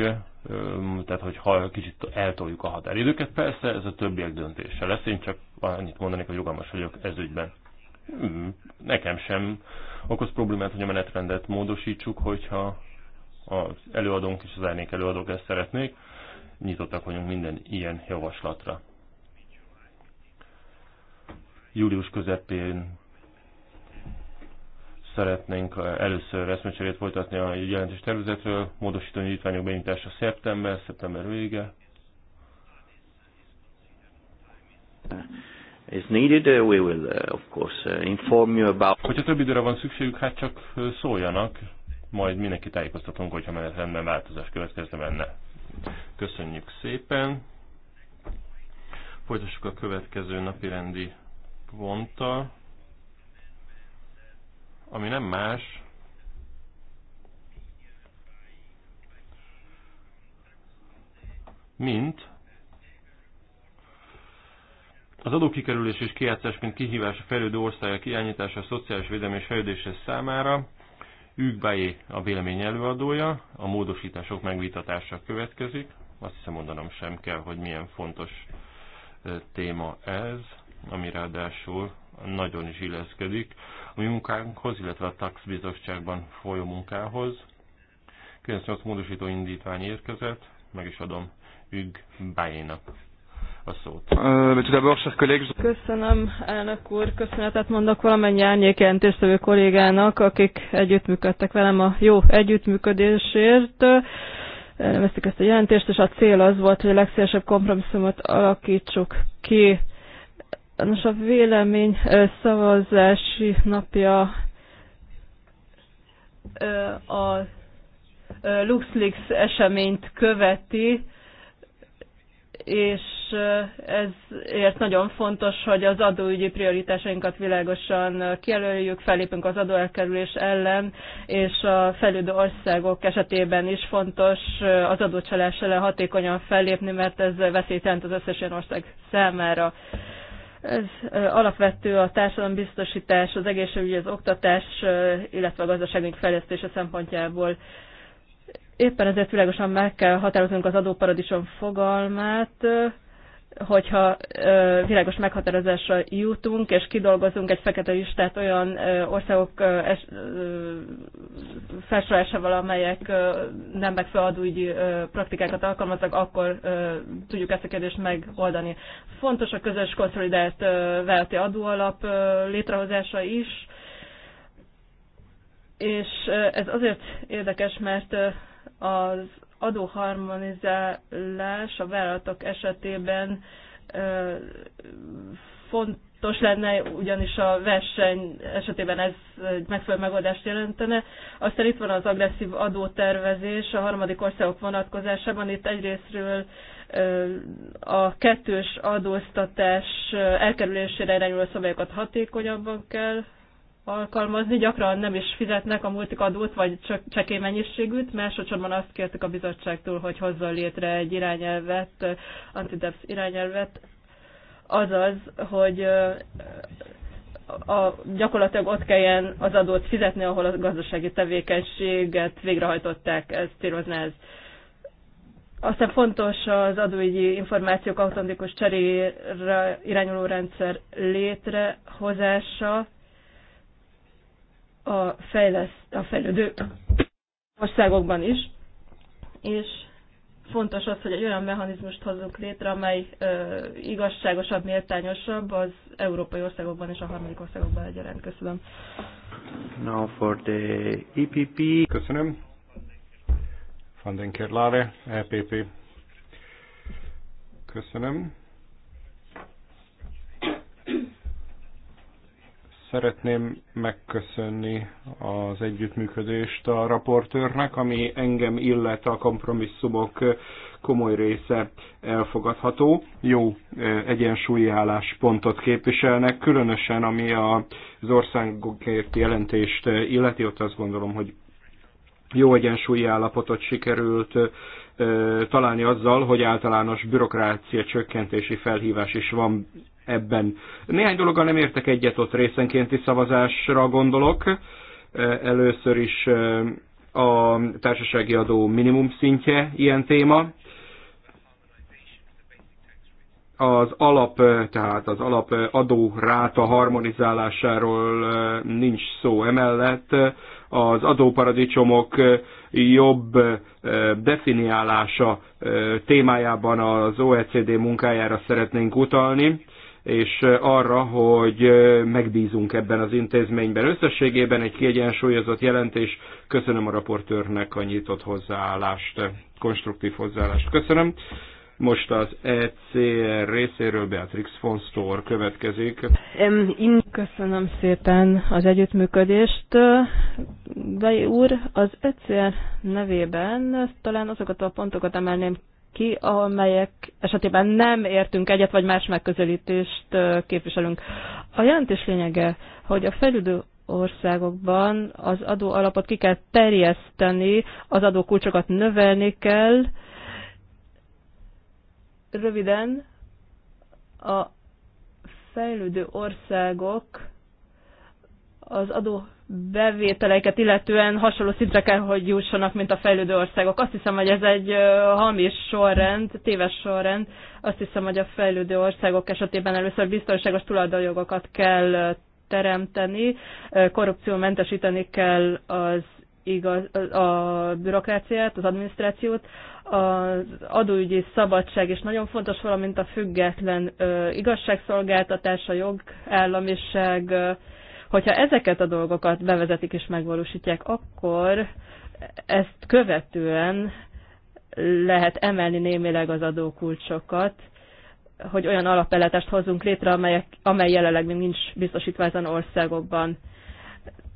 tehát hogy ha kicsit eltoljuk a határidőket, persze ez a többiek döntése lesz, én csak annyit mondanék, hogy rugalmas vagyok ez ügyben. Hmm, nekem sem okoz problémát, hogy a menetrendet módosítsuk, hogyha az előadónk és az árnyék előadók ezt szeretnék, nyitottak vagyunk minden ilyen javaslatra. Július közepén szeretnénk eh, először eszmecserét folytatni a jelentés tervezetről, módosító nyitványok benyújtása szeptember, szeptember vége. Is needed, eh, we will eh, of course inform you about... Hogyha több időre van szükségük, hát csak szóljanak, majd mindenki tájékoztatunk, hogyha menetrendben változás következne benne. Köszönjük szépen. Folytassuk a következő napi rendi ponttal ami nem más, mint az adókikerülés és kiátszás, mint kihívás a fejlődő országok irányítása a szociális védelmi és fejlődése számára. Ügbájé a vélemény előadója, a módosítások megvitatása következik. Azt hiszem mondanom sem kell, hogy milyen fontos téma ez, ami ráadásul nagyon is illeszkedik a mi munkánkhoz, illetve a TAX bizottságban folyó munkához. 98 módosító indítvány érkezett, meg is adom Ügg Bájénak euh, Köszönöm, elnök úr, köszönetet mondok valamennyi árnyékjelentéstevő kollégának, akik együttműködtek velem a jó együttműködésért. Elemeztük ezt a jelentést, és a cél az volt, hogy a legszélesebb kompromisszumot alakítsuk ki most a vélemény szavazási napja a LuxLeaks eseményt követi, és ezért nagyon fontos, hogy az adóügyi prioritásainkat világosan kijelöljük, felépünk az adóelkerülés ellen, és a fejlődő országok esetében is fontos az adócsalás ellen hatékonyan fellépni, mert ez veszélyt jelent az összes ilyen ország számára. Ez alapvető a társadalombiztosítás, az egészségügy, az oktatás, illetve a gazdaságunk fejlesztése szempontjából. Éppen ezért világosan meg kell határoznunk az adóparadicsom fogalmát, hogyha világos meghatározásra jutunk, és kidolgozunk egy fekete listát olyan országok felsorásával, felsorolásával, amelyek nem megfeladógyi praktikákat alkalmaznak, akkor tudjuk ezt a kérdést megoldani. Fontos a közös konszolidált válti adóalap létrehozása is, és ez azért érdekes, mert az adóharmonizálás a vállalatok esetében fontos lenne, ugyanis a verseny esetében ez egy megfelelő megoldást jelentene. Aztán itt van az agresszív adótervezés a harmadik országok vonatkozásában. Itt egyrésztről a kettős adóztatás elkerülésére irányuló szabályokat hatékonyabban kell alkalmazni, gyakran nem is fizetnek a multik adót, vagy csak csekély mennyiségűt. Másodszorban azt kértük a bizottságtól, hogy hozzon létre egy irányelvet, antidepsz irányelvet, azaz, hogy a, gyakorlatilag ott kelljen az adót fizetni, ahol a gazdasági tevékenységet végrehajtották, ez célozna ez. Aztán fontos az adóügyi információk autentikus cserére irányuló rendszer létrehozása, a, fejleszt, a fejlődő országokban is, és fontos az, hogy egy olyan mechanizmust hozzunk létre, amely ö, igazságosabb, méltányosabb az európai országokban és a harmadik országokban egyaránt. Köszönöm. Now for the EPP. Köszönöm. Fandenker Lare, EPP. Köszönöm. Szeretném megköszönni az együttműködést a raportőrnek, ami engem illet a kompromisszumok komoly része elfogadható. Jó eh, egyensúlyi álláspontot képviselnek, különösen ami az országokért jelentést eh, illeti, ott azt gondolom, hogy jó egyensúlyi állapotot sikerült eh, találni azzal, hogy általános bürokrácia csökkentési felhívás is van ebben. Néhány dologgal nem értek egyet, ott részenkénti szavazásra gondolok. Először is a társasági adó minimum szintje ilyen téma. Az alap, tehát az alap adó ráta harmonizálásáról nincs szó. Emellett az adóparadicsomok jobb definiálása témájában az OECD munkájára szeretnénk utalni és arra, hogy megbízunk ebben az intézményben. Összességében egy kiegyensúlyozott jelentés. Köszönöm a raportőrnek a nyitott hozzáállást, konstruktív hozzáállást. Köszönöm. Most az ECR részéről Beatrix von Stor következik. Én köszönöm szépen az együttműködést. Bai úr, az ECR nevében talán azokat a pontokat emelném ki, amelyek esetében nem értünk egyet, vagy más megközelítést képviselünk. A jelentés lényege, hogy a fejlődő országokban az adó alapot ki kell terjeszteni, az adókulcsokat növelni kell. Röviden, a fejlődő országok az adó bevételeiket illetően hasonló szintre kell, hogy jussanak, mint a fejlődő országok. Azt hiszem, hogy ez egy hamis sorrend, téves sorrend. Azt hiszem, hogy a fejlődő országok esetében először biztonságos tulajdonjogokat kell teremteni, korrupciómentesíteni kell az igaz, a bürokráciát, az adminisztrációt, az adóügyi szabadság is nagyon fontos, valamint a független igazságszolgáltatás, a jogállamiság, Hogyha ezeket a dolgokat bevezetik és megvalósítják, akkor ezt követően lehet emelni némileg az adókulcsokat, hogy olyan alapellátást hozzunk létre, amelyek, amely jelenleg még nincs biztosítva ezen országokban.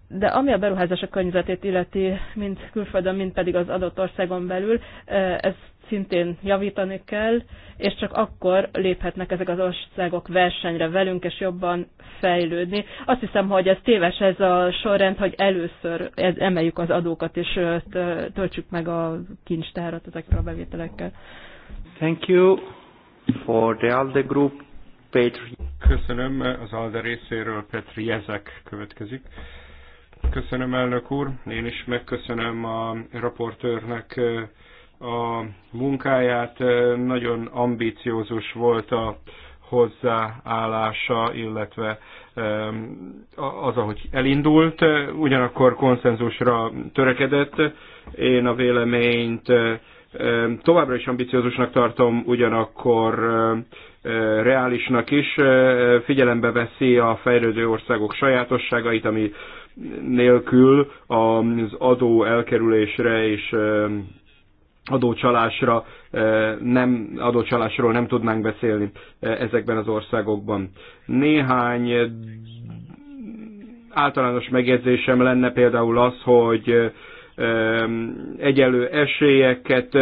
De ami a beruházások környezetét illeti, mind külföldön, mind pedig az adott országon belül, eh, ez szintén javítani kell, és csak akkor léphetnek ezek az országok versenyre velünk, és jobban fejlődni. Azt hiszem, hogy ez téves ez a sorrend, hogy először emeljük az adókat, és töltsük meg a kincstárat ezekkel a bevételekkel. Thank you for the ALDE group. Petri. Köszönöm az ALDE részéről, Petri Jezek következik. Köszönöm, elnök úr. Én is megköszönöm a raportőrnek a munkáját, nagyon ambíciózus volt a hozzáállása, illetve az, ahogy elindult, ugyanakkor konszenzusra törekedett. Én a véleményt továbbra is ambiciózusnak tartom, ugyanakkor reálisnak is, figyelembe veszi a fejlődő országok sajátosságait, ami nélkül az adó elkerülésre és adócsalásra eh, nem, adócsalásról nem tudnánk beszélni eh, ezekben az országokban. Néhány általános megjegyzésem lenne például az, hogy eh, egyelő esélyeket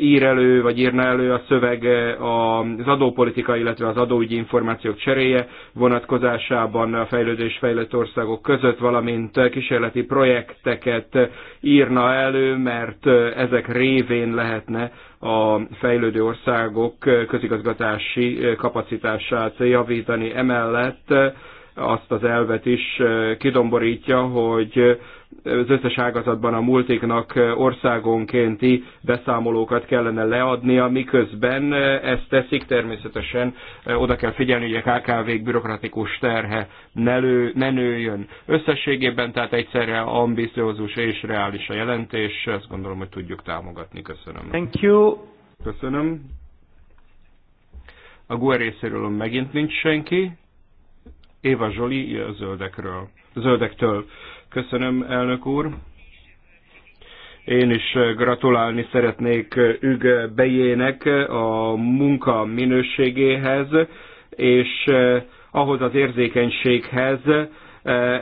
ír elő, vagy írna elő a szöveg az adópolitika, illetve az adóügyi információk cseréje vonatkozásában a fejlődés fejlett országok között, valamint kísérleti projekteket írna elő, mert ezek révén lehetne a fejlődő országok közigazgatási kapacitását javítani. Emellett azt az elvet is kidomborítja, hogy az összes ágazatban a multiknak országonkénti beszámolókat kellene leadnia, miközben ezt teszik, természetesen eh, oda kell figyelni, hogy a KKV-k bürokratikus terhe ne, lő, ne nőjön. Összességében tehát egyszerre ambiciózus és reális a jelentés, ezt gondolom, hogy tudjuk támogatni. Köszönöm. Thank you. Köszönöm. A GUE részéről megint nincs senki. Éva Zsoli a zöldekről, zöldektől. Köszönöm, elnök úr. Én is gratulálni szeretnék Üg Bejének a munka minőségéhez, és ahhoz az érzékenységhez,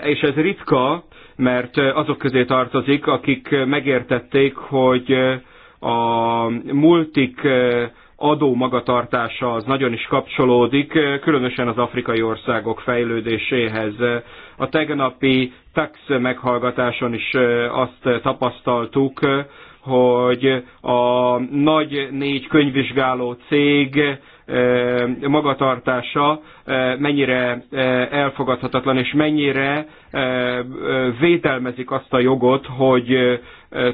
és ez ritka, mert azok közé tartozik, akik megértették, hogy a multik adó magatartása az nagyon is kapcsolódik, eh, különösen az afrikai országok fejlődéséhez. A tegnapi tax meghallgatáson is eh, azt tapasztaltuk, eh, hogy a nagy négy könyvvizsgáló cég magatartása mennyire elfogadhatatlan, és mennyire védelmezik azt a jogot, hogy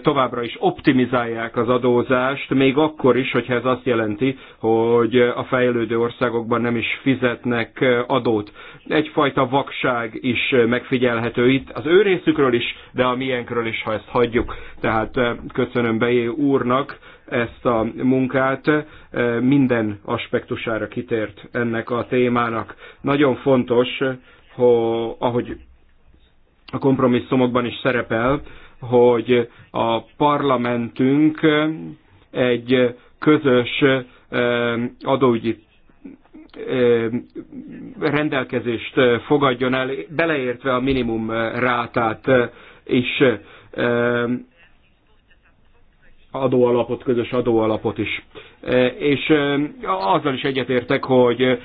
továbbra is optimizálják az adózást, még akkor is, hogyha ez azt jelenti, hogy a fejlődő országokban nem is fizetnek adót. Egyfajta vakság is megfigyelhető itt, az ő részükről is, de a miénkről is, ha ezt hagyjuk. Tehát köszönöm Bejé úrnak, ezt a munkát, eh, minden aspektusára kitért ennek a témának. Nagyon fontos, eh, hogy, ahogy a kompromisszumokban is szerepel, hogy a parlamentünk eh, egy közös adóügyi rendelkezést fogadjon el, beleértve a minimum rátát is adóalapot, közös adóalapot is. E, és e, azzal is egyetértek, hogy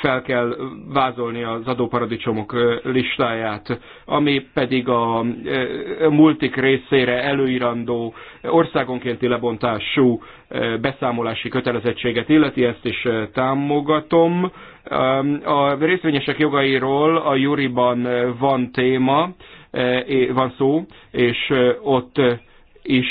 fel kell vázolni az adóparadicsomok e, listáját, ami pedig a multik részére előírandó országonkénti lebontású beszámolási kötelezettséget illeti, ezt is támogatom. A részvényesek jogairól a Juriban van téma, van szó, és ott is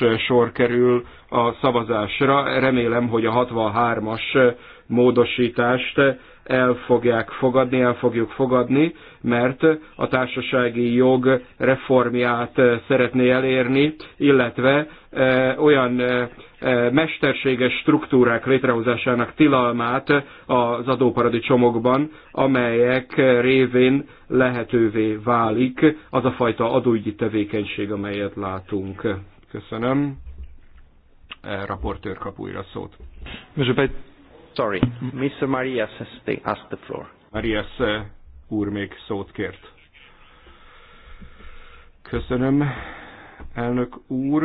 Eh, sor kerül a szavazásra. Remélem, hogy a 63-as eh, módosítást eh, el fogják fogadni, el fogjuk fogadni, mert a társasági jog reformját szeretné elérni, illetve olyan mesterséges struktúrák létrehozásának tilalmát az adóparadicsomokban, amelyek révén lehetővé válik az a fajta adóügyi tevékenység, amelyet látunk. Köszönöm. Eh, raportőr kap újra szót. Sorry, Mr. Marias has asked the floor. Marias eh, úr még szót kért. Köszönöm, elnök úr.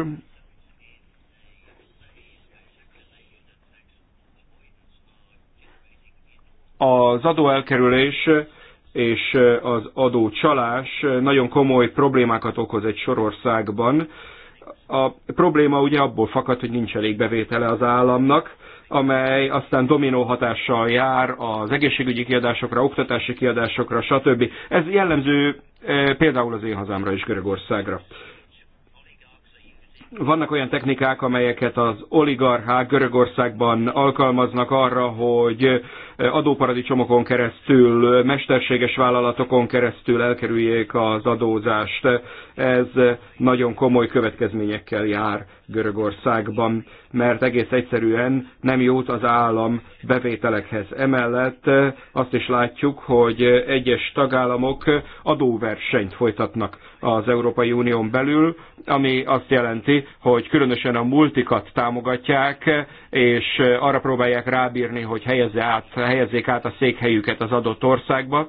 Az adóelkerülés és az adócsalás nagyon komoly problémákat okoz egy sorországban a probléma ugye abból fakad, hogy nincs elég bevétele az államnak, amely aztán dominó hatással jár az egészségügyi kiadásokra, oktatási kiadásokra, stb. Ez jellemző eh, például az én hazámra is, Görögországra. Vannak olyan technikák, amelyeket az oligarchák Görögországban alkalmaznak arra, hogy eh, adóparadicsomokon keresztül, mesterséges vállalatokon keresztül elkerüljék az adózást ez nagyon komoly következményekkel jár Görögországban, mert egész egyszerűen nem jót az állam bevételekhez. Emellett azt is látjuk, hogy egyes tagállamok adóversenyt folytatnak az Európai Unión belül, ami azt jelenti, hogy különösen a multikat támogatják, és arra próbálják rábírni, hogy helyezze át, helyezzék át a székhelyüket az adott országba,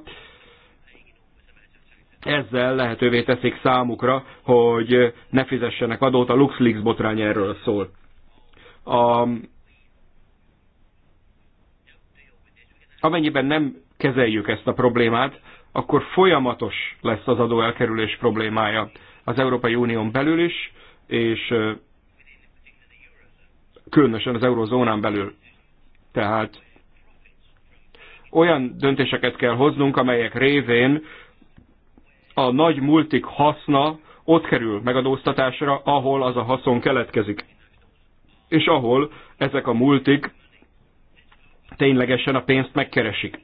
ezzel lehetővé teszik számukra, hogy ne fizessenek adót. A LuxLeaks botrány erről szól. A, amennyiben nem kezeljük ezt a problémát, akkor folyamatos lesz az adóelkerülés problémája az Európai Unión belül is, és különösen az eurozónán belül. Tehát olyan döntéseket kell hoznunk, amelyek révén a nagy multik haszna ott kerül megadóztatásra, ahol az a haszon keletkezik. És ahol ezek a multik ténylegesen a pénzt megkeresik.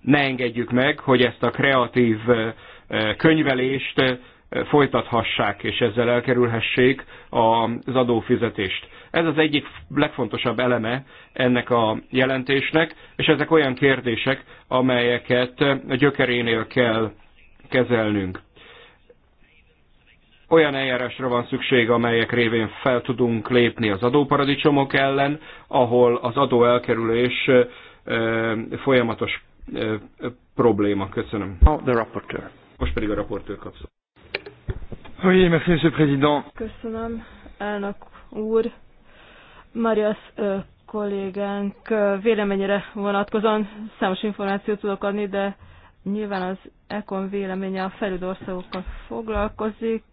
Ne engedjük meg, hogy ezt a kreatív eh, eh, könyvelést eh, folytathassák, és ezzel elkerülhessék az adófizetést. Ez az egyik legfontosabb eleme ennek a jelentésnek, és ezek olyan kérdések, amelyeket a gyökerénél kell kezelnünk. Olyan eljárásra van szükség, amelyek révén fel tudunk lépni az adóparadicsomok ellen, ahol az adó elkerülés folyamatos probléma. Köszönöm. Oh, Most pedig a raportőr kapszol. Oui, merci, monsieur président. Köszönöm, elnök úr. Marias kollégánk véleményére vonatkozóan számos információt tudok adni, de nyilván az ECON véleménye a fejlődő országokkal foglalkozik,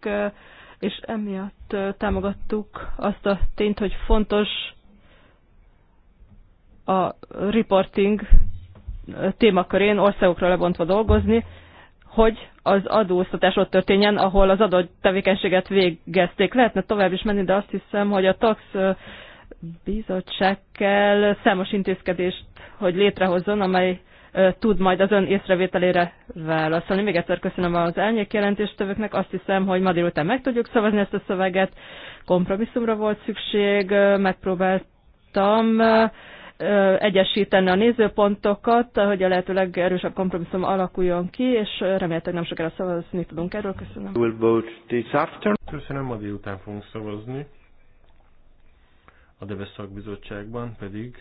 és emiatt támogattuk azt a tényt, hogy fontos a reporting témakörén országokra lebontva dolgozni, hogy az adóztatás ott történjen, ahol az adott tevékenységet végezték. Lehetne tovább is menni, de azt hiszem, hogy a tax bizottság kell számos intézkedést, hogy létrehozzon, amely tud majd az ön észrevételére válaszolni. Még egyszer köszönöm az elnyék jelentéstevőknek. Azt hiszem, hogy ma délután meg tudjuk szavazni ezt a szöveget. Kompromisszumra volt szükség, megpróbáltam egyesíteni a nézőpontokat, hogy a lehető legerősebb kompromisszum alakuljon ki, és remélhetőleg nem sokára szavazni tudunk erről. Köszönöm. We'll vote this afternoon. Köszönöm, ma délután fogunk szavazni. A Deves szakbizottságban pedig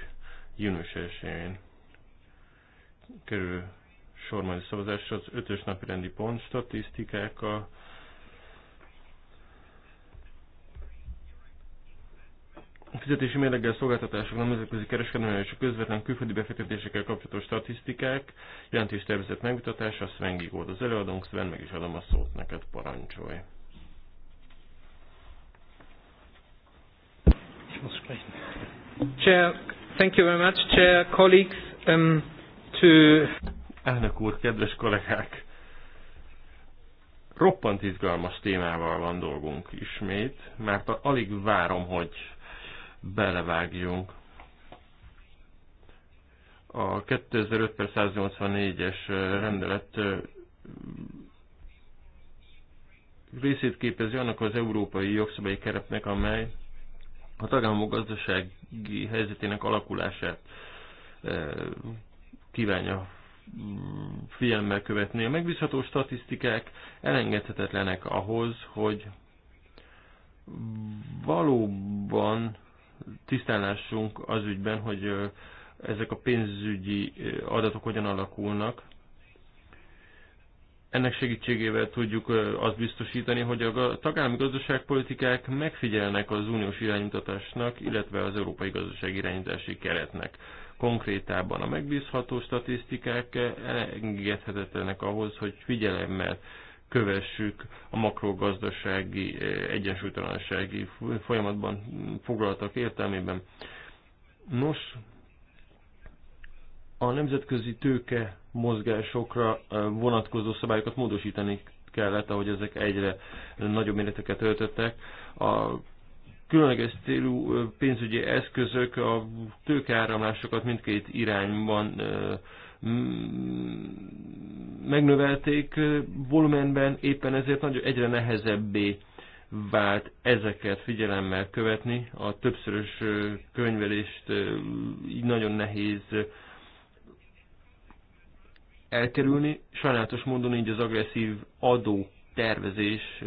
június 1-én kerül sor majd szavazásra az ötös napi rendi pont statisztikákkal, fizetési mérleggel szolgáltatások nemzetközi kereskedelmi és a közvetlen külföldi befektetésekkel kapcsolatos statisztikák, jelentés tervezett megmutatása, Sven Gig volt az előadónk, Sven meg is adom a szót neked, parancsolj. Chair, thank you very much, Chair, colleagues, um, to... Elnök úr, kedves kollégák! Roppant izgalmas témával van dolgunk ismét, mert alig várom, hogy belevágjunk. A 2005 184-es rendelet részét képezi annak az európai jogszabályi keretnek, amely a tagállamok gazdasági helyzetének alakulását kívánja mm, figyelemmel követni. A megbízható statisztikák elengedhetetlenek ahhoz, hogy valóban tisztálásunk az ügyben, hogy ezek a pénzügyi adatok hogyan alakulnak. Ennek segítségével tudjuk azt biztosítani, hogy a tagállami gazdaságpolitikák megfigyelnek az uniós iránymutatásnak, illetve az európai gazdaság irányítási keretnek. Konkrétában a megbízható statisztikák elengedhetetlenek ahhoz, hogy figyelemmel kövessük a makrogazdasági eh, egyensúlytalansági folyamatban foglaltak értelmében. Nos, a nemzetközi tőke mozgásokra eh, vonatkozó szabályokat módosítani kellett, ahogy ezek egyre nagyobb méreteket öltöttek. A különleges célú eh, pénzügyi eszközök a tőkeáramlásokat mindkét irányban Mm, megnövelték volumenben, éppen ezért nagyon egyre nehezebbé vált ezeket figyelemmel követni. A többszörös könyvelést így nagyon nehéz elkerülni. Sajnálatos módon így az agresszív adó tervezés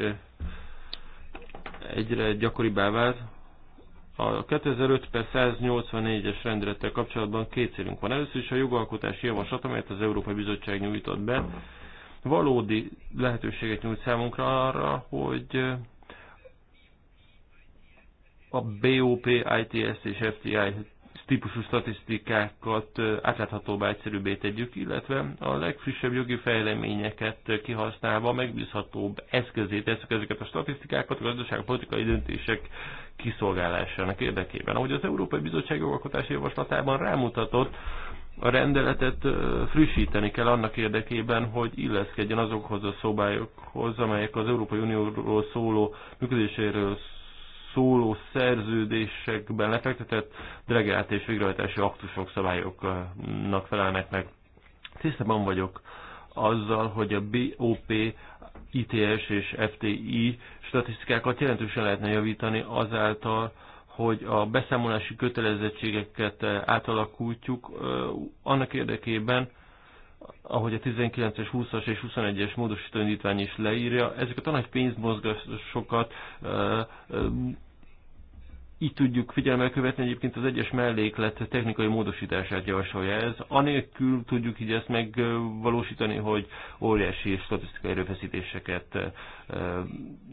egyre gyakoribbá vált. A 2005 per 184-es rendelettel kapcsolatban két célunk van. Először is a jogalkotási javaslat, amelyet az Európai Bizottság nyújtott be, valódi lehetőséget nyújt számunkra arra, hogy a BOP, ITS és FTI típusú statisztikákat átláthatóbbá, egyszerűbbé tegyük, illetve a legfrissebb jogi fejleményeket kihasználva megbízhatóbb eszközét tesszük ezeket a statisztikákat a gazdaságpolitikai döntések kiszolgálásának érdekében. Ahogy az Európai Bizottság jogalkotási javaslatában rámutatott, a rendeletet frissíteni kell annak érdekében, hogy illeszkedjen azokhoz a szobályokhoz, amelyek az Európai Unióról szóló működéséről szóló szerződésekben lefektetett delegált és végrehajtási aktusok szabályoknak felelnek meg. Tisztában vagyok azzal, hogy a BOP, ITS és FTI statisztikákat jelentősen lehetne javítani azáltal, hogy a beszámolási kötelezettségeket eh, átalakultjuk eh, annak érdekében, ahogy a 19-es, 20-as és 21-es módosítóindítvány is leírja, ezeket a nagy pénzmozgásokat eh, így tudjuk figyelemmel követni egyébként az egyes melléklet technikai módosítását javasolja ez. Anélkül tudjuk így ezt megvalósítani, hogy óriási és statisztikai erőfeszítéseket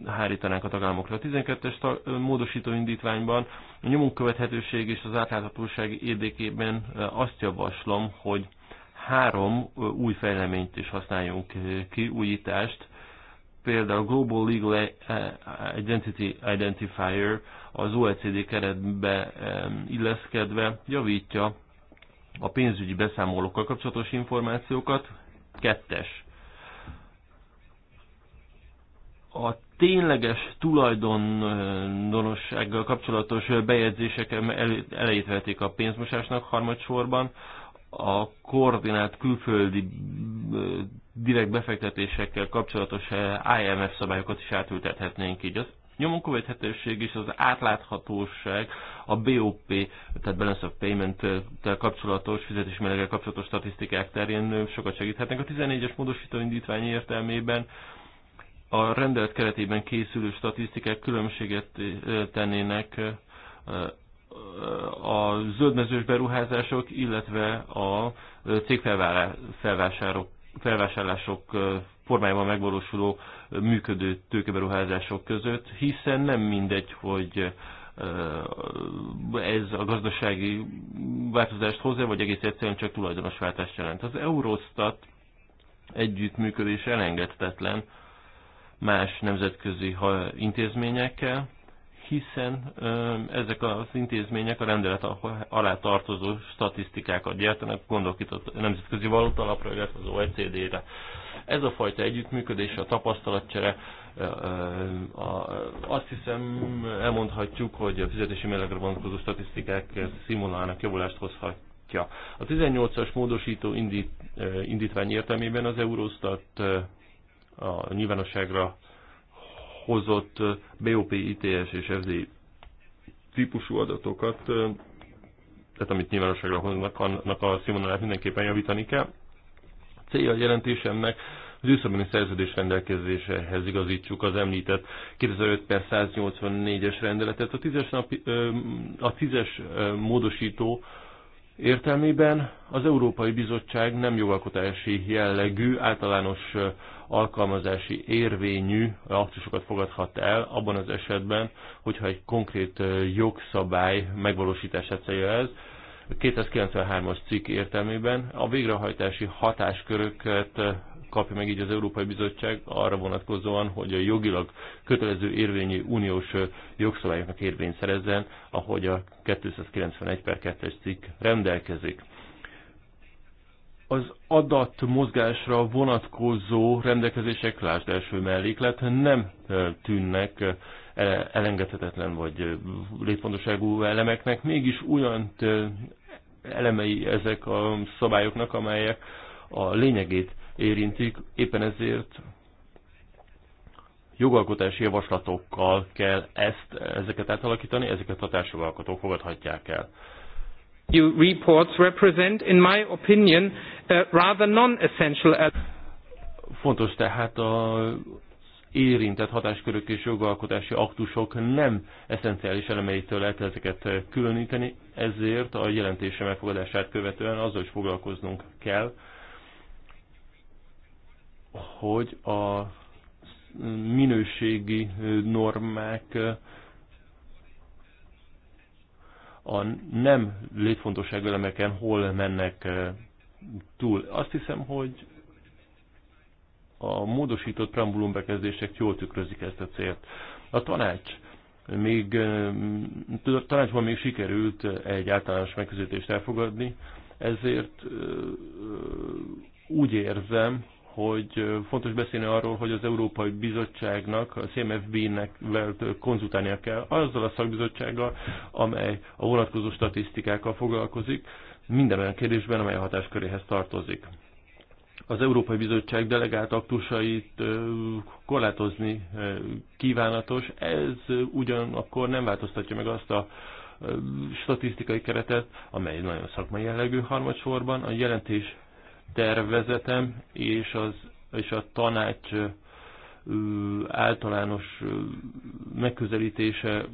hárítanánk a tagállamokra. A 12-es módosító indítványban a nyomunk követhetőség és az átláthatóság érdekében azt javaslom, hogy három új fejleményt is használjunk ki, újítást, például Global Legal e- e- Identity Identifier az OECD keretbe illeszkedve javítja a pénzügyi beszámolókkal kapcsolatos információkat. Kettes. A tényleges tulajdonossággal kapcsolatos bejegyzések elejét vették a pénzmosásnak harmadsorban a koordinált külföldi direkt befektetésekkel kapcsolatos eh, IMF szabályokat is átültethetnénk így. Az nyomon követhetőség és az átláthatóság a BOP, tehát Balance of Payment-tel kapcsolatos, fizetésmeleggel kapcsolatos statisztikák terén sokat segíthetnek. A 14-es módosító indítvány értelmében a rendelet keretében készülő statisztikák különbséget eh, tennének eh, a zöldmezős beruházások, illetve a cégfelvásárlások felvásárlások formájában megvalósuló működő tőkeberuházások között, hiszen nem mindegy, hogy ez a gazdasági változást hozzá, vagy egész egyszerűen csak tulajdonosváltást jelent. Az Eurostat együttműködés elengedhetetlen más nemzetközi intézményekkel, hiszen ezek az intézmények a rendelet alá tartozó statisztikákat gyártanak, gondolok itt a Nemzetközi Valuta Alapra, illetve az OECD-re. Ez a fajta együttműködés, a tapasztalatcsere, azt hiszem elmondhatjuk, hogy a fizetési mérlegre vonatkozó statisztikák szimulálnak javulást hozhatja. A 18-as módosító indít, indítvány értelmében az Eurostat a nyilvánosságra hozott BOP, ITS és FZ típusú adatokat, tehát amit nyilvánosságra hoznak, annak a színvonalát mindenképpen javítani kell. Célja a jelentésemnek, az őszabani szerződés rendelkezésehez igazítsuk az említett 2005 per 184-es rendeletet. A 10-es, napi, a 10-es módosító értelmében az Európai Bizottság nem jogalkotási jellegű általános alkalmazási érvényű aktusokat fogadhat el abban az esetben, hogyha egy konkrét jogszabály megvalósítása célja ez, 293-as cikk értelmében a végrehajtási hatásköröket kapja meg így az Európai Bizottság arra vonatkozóan, hogy a jogilag kötelező érvényű uniós jogszabályoknak érvényt szerezzen, ahogy a 291 per 2-es cikk rendelkezik az adatmozgásra vonatkozó rendelkezések, lásd első melléklet, nem tűnnek e, elengedhetetlen vagy létfontosságú elemeknek, mégis olyan elemei ezek a szabályoknak, amelyek a lényegét érintik, éppen ezért jogalkotási javaslatokkal kell ezt, ezeket átalakítani, ezeket a társjogalkotók fogadhatják el. EU reports represent, in my opinion, rather non-essential. Fontos tehát a érintett hatáskörök és jogalkotási aktusok nem eszenciális elemeitől lehet ezeket különíteni, ezért a jelentése megfogadását követően azzal is foglalkoznunk kell, hogy a minőségi normák a nem létfontosság elemeken hol mennek eh, túl. Azt hiszem, hogy a módosított preambulum bekezdések jól tükrözik ezt a célt. A tanács még eh, tanácsban még sikerült egy általános megközelítést elfogadni, ezért eh, úgy érzem, hogy fontos beszélni arról, hogy az Európai Bizottságnak, a CMFB-nek konzultálnia kell azzal a szakbizottsággal, amely a vonatkozó statisztikákkal foglalkozik, minden olyan kérdésben, amely a hatásköréhez tartozik. Az Európai Bizottság delegált aktusait korlátozni kívánatos, ez ugyanakkor nem változtatja meg azt a statisztikai keretet, amely nagyon szakmai jellegű harmadsorban, a jelentés tervezetem és, az, és a tanács általános megközelítése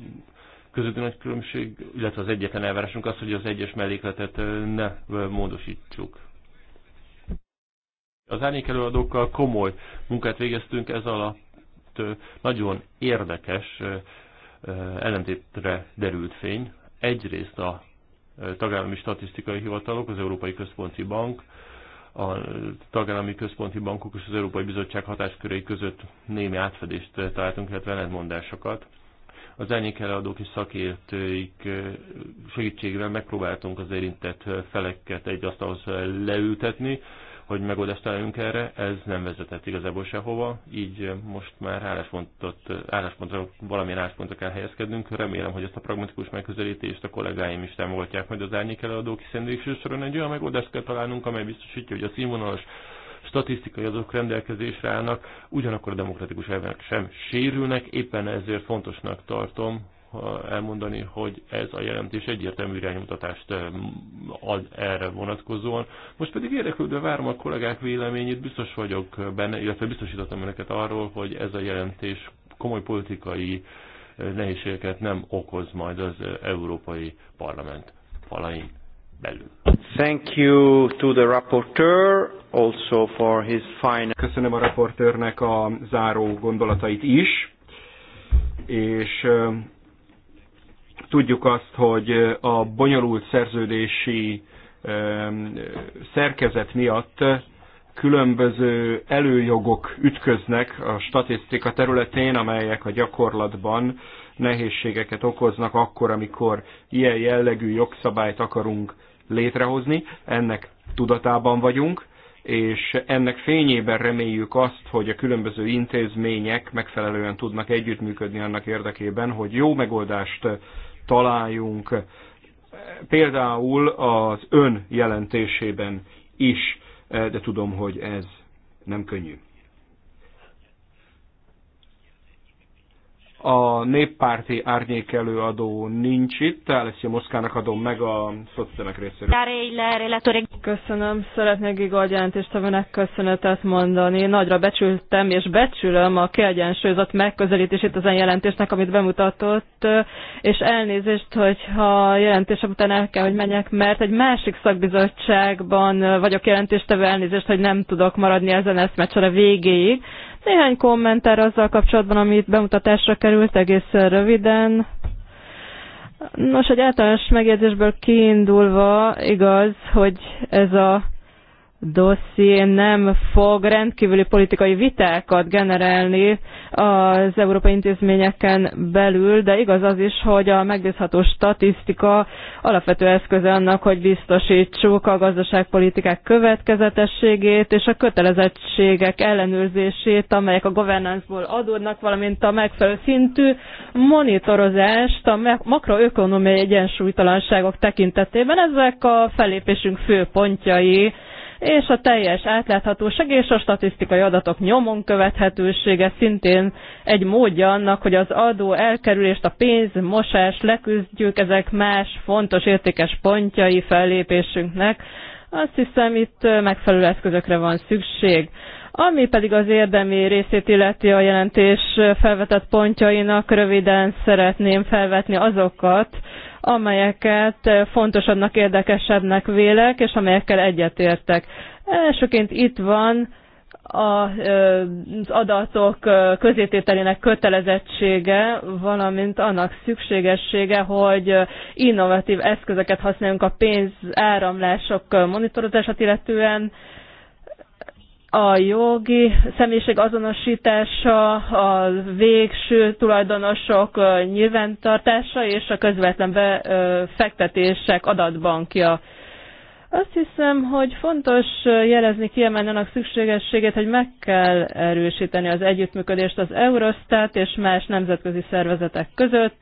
közötti nagy különbség, illetve az egyetlen elvárásunk az, hogy az egyes mellékletet ne módosítsuk. Az árnyék előadókkal komoly munkát végeztünk, ez alatt nagyon érdekes ellentétre derült fény. Egyrészt a tagállami statisztikai hivatalok, az Európai Központi Bank, a tagállami központi bankok és az Európai Bizottság hatáskörei között némi átfedést találtunk, illetve ellentmondásokat. Az eladók és szakértőik segítségével megpróbáltunk az érintett feleket egy asztalhoz leültetni, hogy megoldást találjunk erre, ez nem vezetett igazából sehova, így most már álláspontot, álláspontra, valamilyen álláspontra kell helyezkednünk. Remélem, hogy ezt a pragmatikus megközelítést a kollégáim is támogatják majd az árnyék előadók, hiszen végső soron egy olyan megoldást kell találnunk, amely biztosítja, hogy a színvonalas statisztikai adatok rendelkezésre állnak, ugyanakkor a demokratikus elvek sem sérülnek, éppen ezért fontosnak tartom, elmondani, hogy ez a jelentés egyértelmű iránymutatást eh, ad erre vonatkozóan. Most pedig érdeklődve várom a kollégák véleményét, biztos vagyok benne, illetve biztosítottam önöket arról, hogy ez a jelentés komoly politikai eh, nehézségeket nem okoz majd az eh, Európai Parlament falain belül. Thank you to the rapporteur also for his final... Köszönöm a raportőrnek a záró gondolatait is, és Tudjuk azt, hogy a bonyolult szerződési szerkezet miatt különböző előjogok ütköznek a statisztika területén, amelyek a gyakorlatban nehézségeket okoznak akkor, amikor ilyen jellegű jogszabályt akarunk létrehozni. Ennek tudatában vagyunk, és ennek fényében reméljük azt, hogy a különböző intézmények megfelelően tudnak együttműködni annak érdekében, hogy jó megoldást találjunk. Például az ön jelentésében is, de tudom, hogy ez nem könnyű. A néppárti árnyék előadó nincs itt, Alessia Moszkának adom meg a szociálisták részéről. Köszönöm, szeretnék igazjelentéstevőnek köszönetet mondani. Nagyra becsültem és becsülöm a kiegyensúlyozott megközelítését az jelentésnek, amit bemutatott, és elnézést, hogyha a jelentésem után el kell, hogy menjek, mert egy másik szakbizottságban vagyok jelentéstevő, elnézést, hogy nem tudok maradni ezen eszmecsere végéig. Néhány kommentár azzal kapcsolatban, amit bemutatásra került egészen röviden. Nos, egy általános megjegyzésből kiindulva igaz, hogy ez a dosszié nem fog rendkívüli politikai vitákat generálni az európai intézményeken belül, de igaz az is, hogy a megbízható statisztika alapvető eszköze annak, hogy biztosítsuk a gazdaságpolitikák következetességét és a kötelezettségek ellenőrzését, amelyek a governanceból adódnak, valamint a megfelelő szintű monitorozást a makroökonomiai egyensúlytalanságok tekintetében. Ezek a felépésünk fő pontjai és a teljes átláthatóság és a statisztikai adatok nyomon követhetősége szintén egy módja annak, hogy az adó elkerülést, a pénz, mosás leküzdjük, ezek más fontos értékes pontjai fellépésünknek. Azt hiszem, itt megfelelő eszközökre van szükség. Ami pedig az érdemi részét illeti a jelentés felvetett pontjainak, röviden szeretném felvetni azokat, amelyeket eh, fontosabbnak, érdekesebbnek vélek, és amelyekkel egyetértek. Elsőként itt van eh, az adatok eh, közétételének kötelezettsége, valamint annak szükségessége, hogy innovatív eszközöket használjunk a pénz áramlások monitorozását illetően, a jogi személyiség azonosítása, a végső tulajdonosok nyilvántartása és a közvetlen befektetések adatbankja. Azt hiszem, hogy fontos jelezni kiemelni annak szükségességét, hogy meg kell erősíteni az együttműködést az Eurostat és más nemzetközi szervezetek között.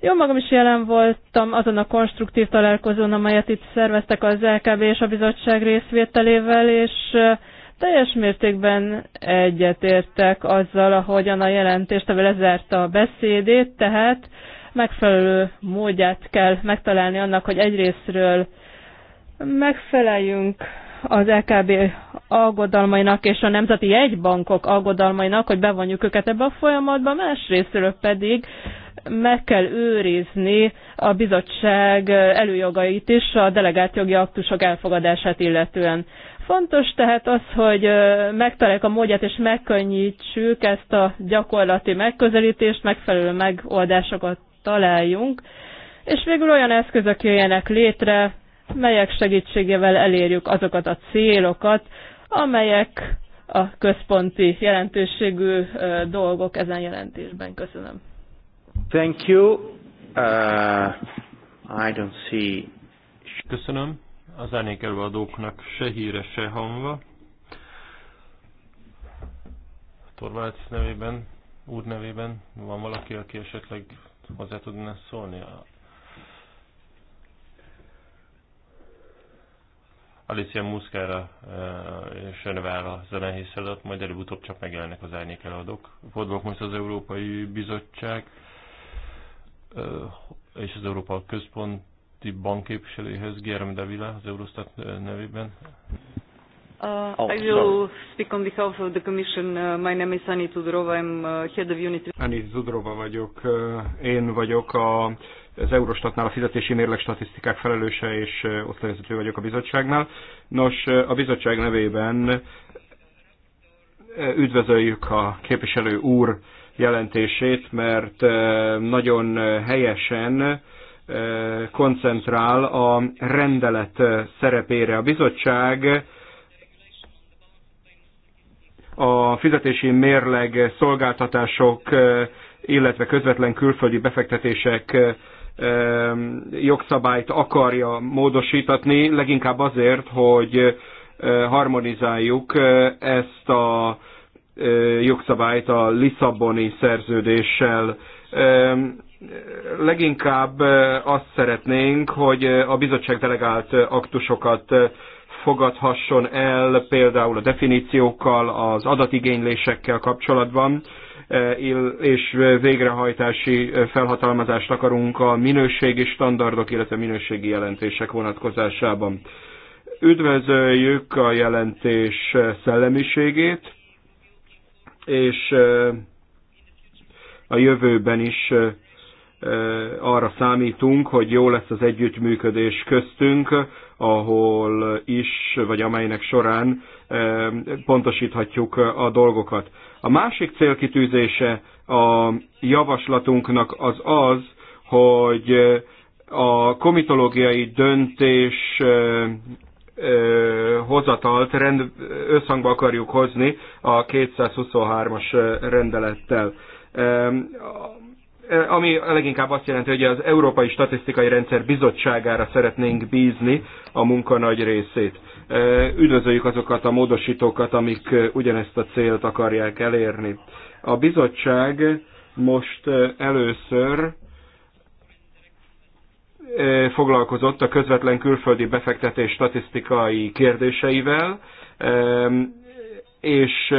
Jó magam is jelen voltam azon a konstruktív találkozón, amelyet itt szerveztek az LKB és a bizottság részvételével, és teljes mértékben egyetértek azzal, ahogyan a jelentést amivel lezárta a beszédét, tehát megfelelő módját kell megtalálni annak, hogy egyrésztről megfeleljünk az LKB e aggodalmainak és a nemzeti egybankok aggodalmainak, hogy bevonjuk őket ebbe a folyamatba, másrésztről pedig meg kell őrizni a bizottság előjogait is a delegált jogi aktusok elfogadását illetően. Fontos tehát az, hogy megtaláljuk a módját és megkönnyítsük ezt a gyakorlati megközelítést, megfelelő megoldásokat találjunk, és végül olyan eszközök jöjjenek létre, melyek segítségével elérjük azokat a célokat, amelyek a központi jelentőségű dolgok ezen jelentésben. Köszönöm. Thank you. Uh, I don't see. Köszönöm az árnyékelőadóknak se híre, se hangva. Torvalds nevében, úr nevében van valaki, aki esetleg hozzá tudna szólni? Alicia Muszkára eh, és Önvál a zenehész előtt, majd előbb-utóbb csak megjelennek az árnyék eladók. Fordulok most az Európai Bizottság eh, és az Európa Központ Nemzeti Bank képviselőjéhez, Gérem Davila, az Eurostat nevében. Uh, oh, I will speak on behalf of the Commission. Uh, my name is Ani Tudorova, I'm uh, head of unit. Ani Tudorova vagyok. Én vagyok a, az Eurostatnál a fizetési mérleg statisztikák felelőse, és osztályvezető vagyok a bizottságnál. Nos, a bizottság nevében üdvözöljük a képviselő úr jelentését, mert nagyon helyesen koncentrál a rendelet szerepére. A bizottság a fizetési mérleg szolgáltatások, illetve közvetlen külföldi befektetések jogszabályt akarja módosítatni, leginkább azért, hogy harmonizáljuk ezt a jogszabályt a Lisszaboni szerződéssel leginkább azt szeretnénk, hogy a bizottság delegált aktusokat fogadhasson el, például a definíciókkal, az adatigénylésekkel kapcsolatban, és végrehajtási felhatalmazást akarunk a minőségi standardok, illetve minőségi jelentések vonatkozásában. Üdvözöljük a jelentés szellemiségét, és a jövőben is arra számítunk, hogy jó lesz az együttműködés köztünk, ahol is, vagy amelynek során pontosíthatjuk a dolgokat. A másik célkitűzése a javaslatunknak az az, hogy a komitológiai döntés hozatalt rend, összhangba akarjuk hozni a 223-as rendelettel ami leginkább azt jelenti, hogy az Európai Statisztikai Rendszer Bizottságára szeretnénk bízni a munka nagy részét. Üdvözöljük azokat a módosítókat, amik ugyanezt a célt akarják elérni. A bizottság most először foglalkozott a közvetlen külföldi befektetés statisztikai kérdéseivel, és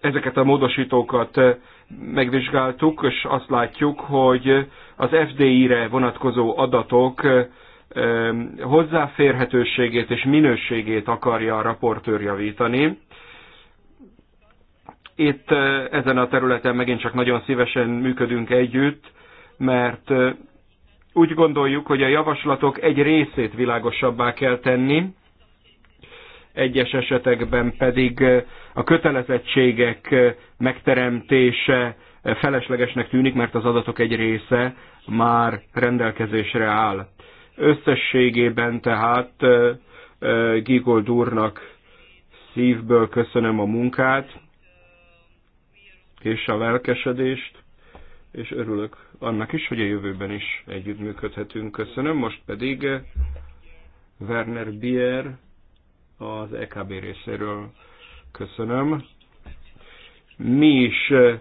ezeket a módosítókat megvizsgáltuk, és azt látjuk, hogy az FDI-re vonatkozó adatok hozzáférhetőségét és minőségét akarja a raportőr javítani. Itt ezen a területen megint csak nagyon szívesen működünk együtt, mert úgy gondoljuk, hogy a javaslatok egy részét világosabbá kell tenni, egyes esetekben pedig eh, a kötelezettségek eh, megteremtése eh, feleslegesnek tűnik, mert az adatok egy része már rendelkezésre áll. Összességében tehát Gigold úrnak szívből köszönöm a munkát és a lelkesedést, és örülök annak is, hogy a jövőben is együttműködhetünk. Köszönöm. Most pedig Werner Bier az EKB részéről. Köszönöm. Mi is eh,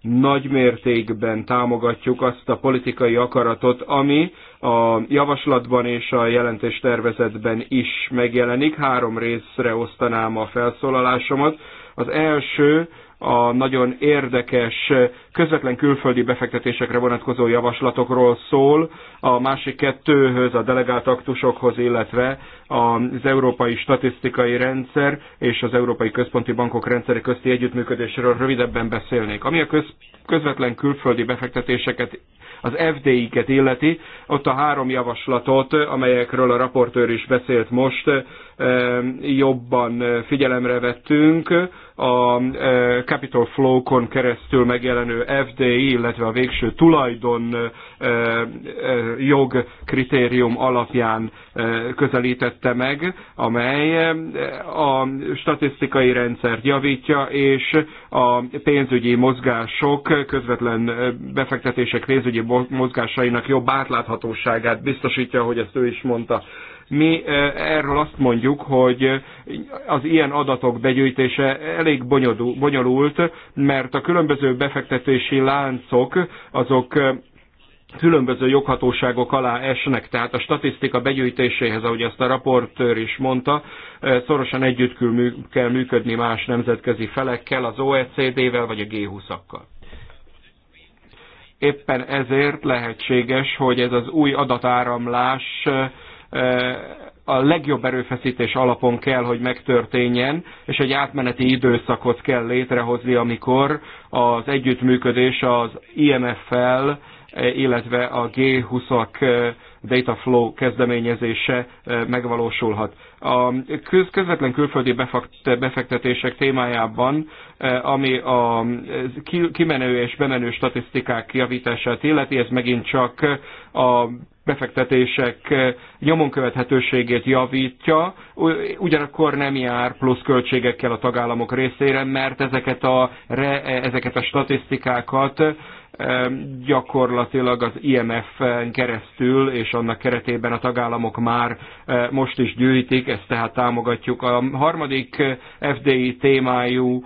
nagy mértékben támogatjuk azt a politikai akaratot, ami a javaslatban és a jelentés tervezetben is megjelenik. Három részre osztanám a felszólalásomat. Az első a nagyon érdekes közvetlen külföldi befektetésekre vonatkozó javaslatokról szól, a másik kettőhöz, a delegált aktusokhoz, illetve az Európai Statisztikai Rendszer és az Európai Központi Bankok rendszere közti együttműködésről rövidebben beszélnék. Ami a köz, közvetlen külföldi befektetéseket az FDI-ket illeti, ott a három javaslatot, amelyekről a raportőr is beszélt most, e, jobban figyelemre vettünk. A e, Capital Flow-kon keresztül megjelenő FDI, illetve a végső tulajdon jog kritérium alapján közelítette meg, amely a statisztikai rendszert javítja, és a pénzügyi mozgások, közvetlen befektetések pénzügyi mozgásainak jobb átláthatóságát biztosítja, hogy ezt ő is mondta. Mi erről azt mondjuk, hogy az ilyen adatok begyűjtése elég bonyolult, mert a különböző befektetési láncok azok különböző joghatóságok alá esnek, tehát a statisztika begyűjtéséhez, ahogy azt a raportőr is mondta, szorosan együtt kell működni más nemzetközi felekkel, az OECD-vel vagy a G20-akkal. Éppen ezért lehetséges, hogy ez az új adatáramlás a legjobb erőfeszítés alapon kell, hogy megtörténjen, és egy átmeneti időszakot kell létrehozni, amikor az együttműködés az IMF-fel, illetve a G20-ak data flow kezdeményezése eh, megvalósulhat. A közvetlen külföldi befektetések témájában, eh, ami a eh, kimenő és bemenő statisztikák javítását illeti, ez megint csak a befektetések nyomon követhetőségét javítja, ugyanakkor nem jár plusz költségekkel a tagállamok részére, mert ezeket a, ezeket a statisztikákat gyakorlatilag az IMF-en keresztül és annak keretében a tagállamok már eh, most is gyűjtik, ezt tehát támogatjuk. A harmadik eh, FDI témájú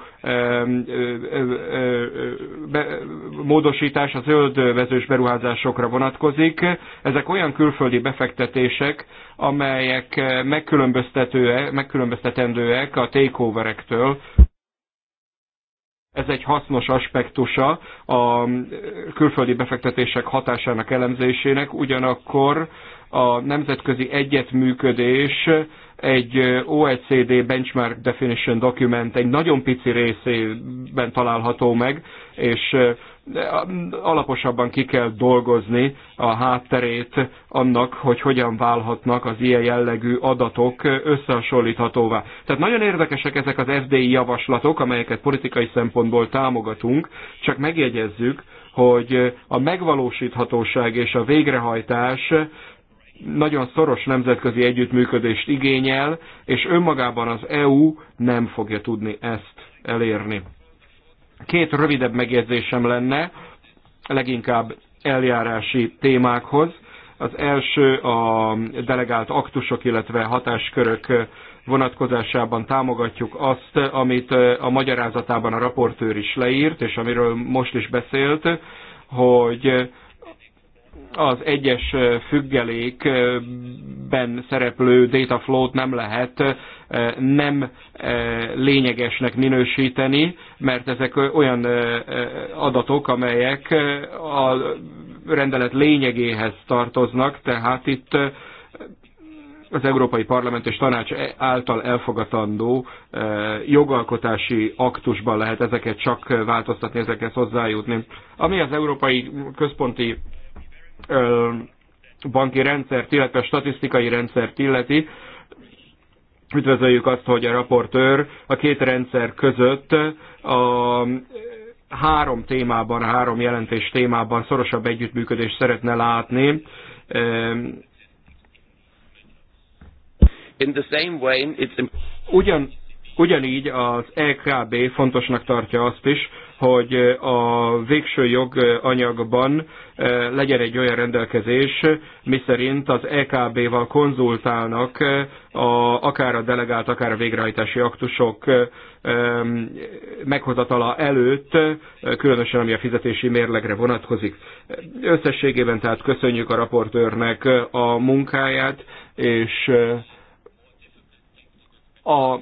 módosítás a zöld vezős beruházásokra vonatkozik. Ezek olyan külföldi befektetések, amelyek eh, megkülönböztetendőek a takeoverektől, ez egy hasznos aspektusa a külföldi befektetések hatásának elemzésének, ugyanakkor a nemzetközi egyetműködés egy OECD Benchmark Definition dokument egy nagyon pici részében található meg, és alaposabban ki kell dolgozni a hátterét annak, hogy hogyan válhatnak az ilyen jellegű adatok összehasonlíthatóvá. Tehát nagyon érdekesek ezek az FDI javaslatok, amelyeket politikai szempontból támogatunk, csak megjegyezzük, hogy a megvalósíthatóság és a végrehajtás nagyon szoros nemzetközi együttműködést igényel, és önmagában az EU nem fogja tudni ezt elérni. Két rövidebb megjegyzésem lenne, leginkább eljárási témákhoz. Az első a delegált aktusok, illetve hatáskörök vonatkozásában támogatjuk azt, amit a magyarázatában a raportőr is leírt, és amiről most is beszélt, hogy az egyes függelékben szereplő flow t nem lehet nem lényegesnek minősíteni, mert ezek olyan adatok, amelyek a rendelet lényegéhez tartoznak, tehát itt az Európai Parlament és Tanács e- által elfogadandó jogalkotási aktusban lehet ezeket csak változtatni, ezekhez hozzájutni. Ami az Európai Központi banki rendszert, illetve a statisztikai rendszert illeti, üdvözöljük azt, hogy a raportőr a két rendszer között a három témában, a három jelentés témában szorosabb együttműködést szeretne látni. In the same way, it's... Ugyan, Ugyanígy az EKB fontosnak tartja azt is, hogy a végső joganyagban eh, legyen egy olyan rendelkezés, miszerint az EKB-val konzultálnak eh, a, akár a delegált, akár a végrehajtási aktusok eh, meghozatala előtt, különösen ami a fizetési mérlegre vonatkozik. Összességében tehát köszönjük a raportőrnek a munkáját, és a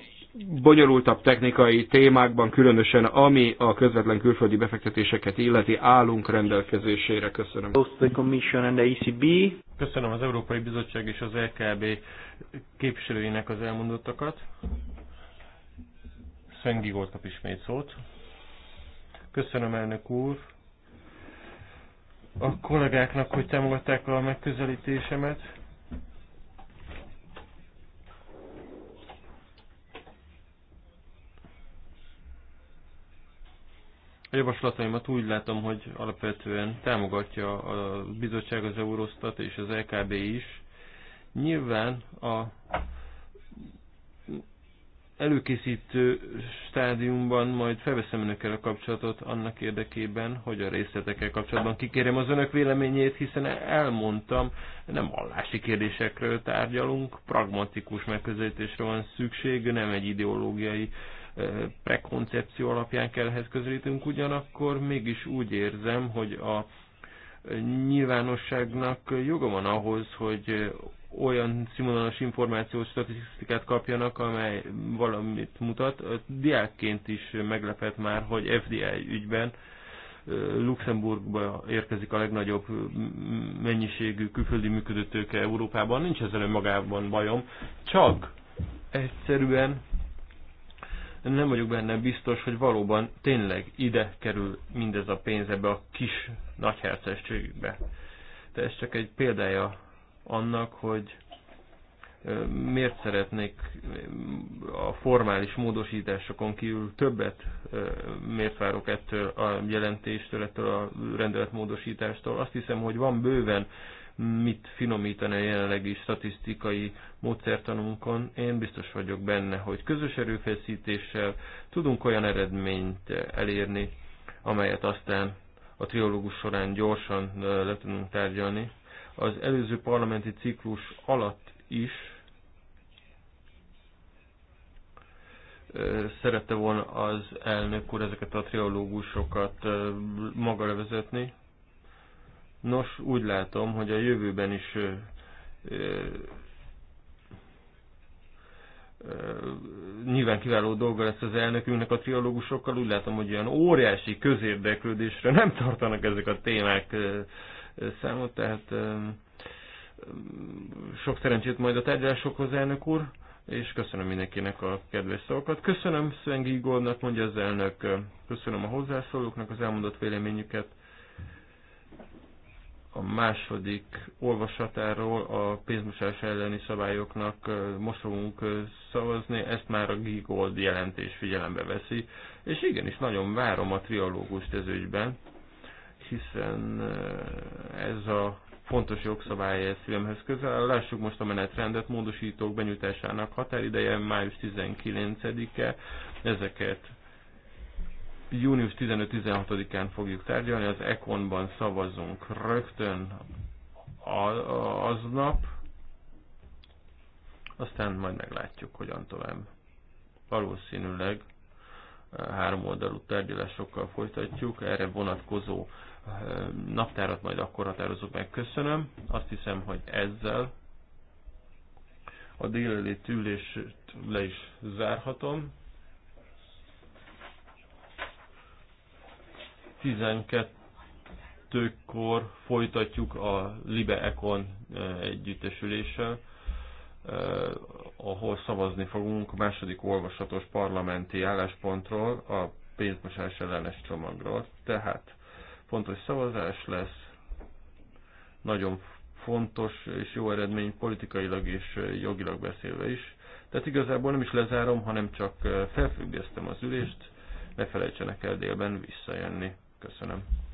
bonyolultabb technikai témákban, különösen ami a közvetlen külföldi befektetéseket illeti, állunk rendelkezésére. Köszönöm. E Köszönöm az Európai Bizottság és az LKB e képviselőinek az elmondottakat. Szengi volt a ismét szót. Köszönöm elnök úr a kollégáknak, hogy támogatták a megközelítésemet. A javaslataimat úgy látom, hogy alapvetően támogatja a bizottság, az Eurostat és az LKB is. Nyilván a előkészítő stádiumban majd felveszem önökkel a kapcsolatot annak érdekében, hogy a részletekkel kapcsolatban kikérem az önök véleményét, hiszen elmondtam, nem vallási kérdésekről tárgyalunk, pragmatikus megközelítésre van szükség, nem egy ideológiai uh, prekoncepció alapján kell ehhez közelítünk, ugyanakkor mégis úgy érzem, hogy a nyilvánosságnak joga van ahhoz, hogy olyan színvonalas információs statisztikát kapjanak, amely valamit mutat. Diákként is meglepett már, hogy FDI ügyben Luxemburgba érkezik a legnagyobb mennyiségű külföldi működőtőke Európában. Nincs ezzel önmagában bajom, csak egyszerűen nem vagyok benne biztos, hogy valóban tényleg ide kerül mindez a pénz ebbe a kis nagyhercegségbe. De ez csak egy példája annak, hogy miért szeretnék a formális módosításokon kívül többet, miért várok ettől a jelentéstől, ettől a rendeletmódosítástól. Azt hiszem, hogy van bőven mit finomítani a jelenlegi statisztikai módszertanunkon. Én biztos vagyok benne, hogy közös erőfeszítéssel tudunk olyan eredményt elérni, amelyet aztán a triológus során gyorsan le tudunk tárgyalni. Az előző parlamenti ciklus alatt is szerette volna az elnök úr ezeket a triológusokat maga levezetni, Nos, úgy látom, hogy a jövőben is nyilván kiváló dolga lesz az elnökünknek a triológusokkal, úgy látom, hogy olyan óriási közérdeklődésre nem tartanak ezek a témák számot, tehát sok szerencsét majd a tárgyalásokhoz, elnök úr, és köszönöm mindenkinek a kedves szavakat. Köszönöm Szengi Igornak, mondja az elnök, köszönöm a hozzászólóknak az elmondott véleményüket a második olvasatáról a pénzmosás elleni szabályoknak most fogunk szavazni, ezt már a Gigold jelentés figyelembe veszi, és igenis nagyon várom a trialógust ez ügyben, hiszen ez a fontos jogszabály szívemhez közel. Lássuk most a menetrendet, módosítók benyújtásának határideje május 19-e, ezeket június 15-16-án fogjuk tárgyalni, az Econban szavazunk rögtön aznap, aztán majd meglátjuk, hogyan tovább. Valószínűleg eh, három oldalú tárgyalásokkal folytatjuk, erre vonatkozó eh, naptárat majd akkor határozok meg. Köszönöm, azt hiszem, hogy ezzel a délelőtt ülést le is zárhatom. 12-kor folytatjuk a Libe Econ e, együttesüléssel, e, ahol szavazni fogunk a második olvasatos parlamenti álláspontról, a pénzmosás ellenes csomagról. Tehát fontos szavazás lesz, nagyon fontos és jó eredmény politikailag és jogilag beszélve is. Tehát igazából nem is lezárom, hanem csak e, felfüggesztem az ülést, ne felejtsenek el délben visszajönni. Köszönöm.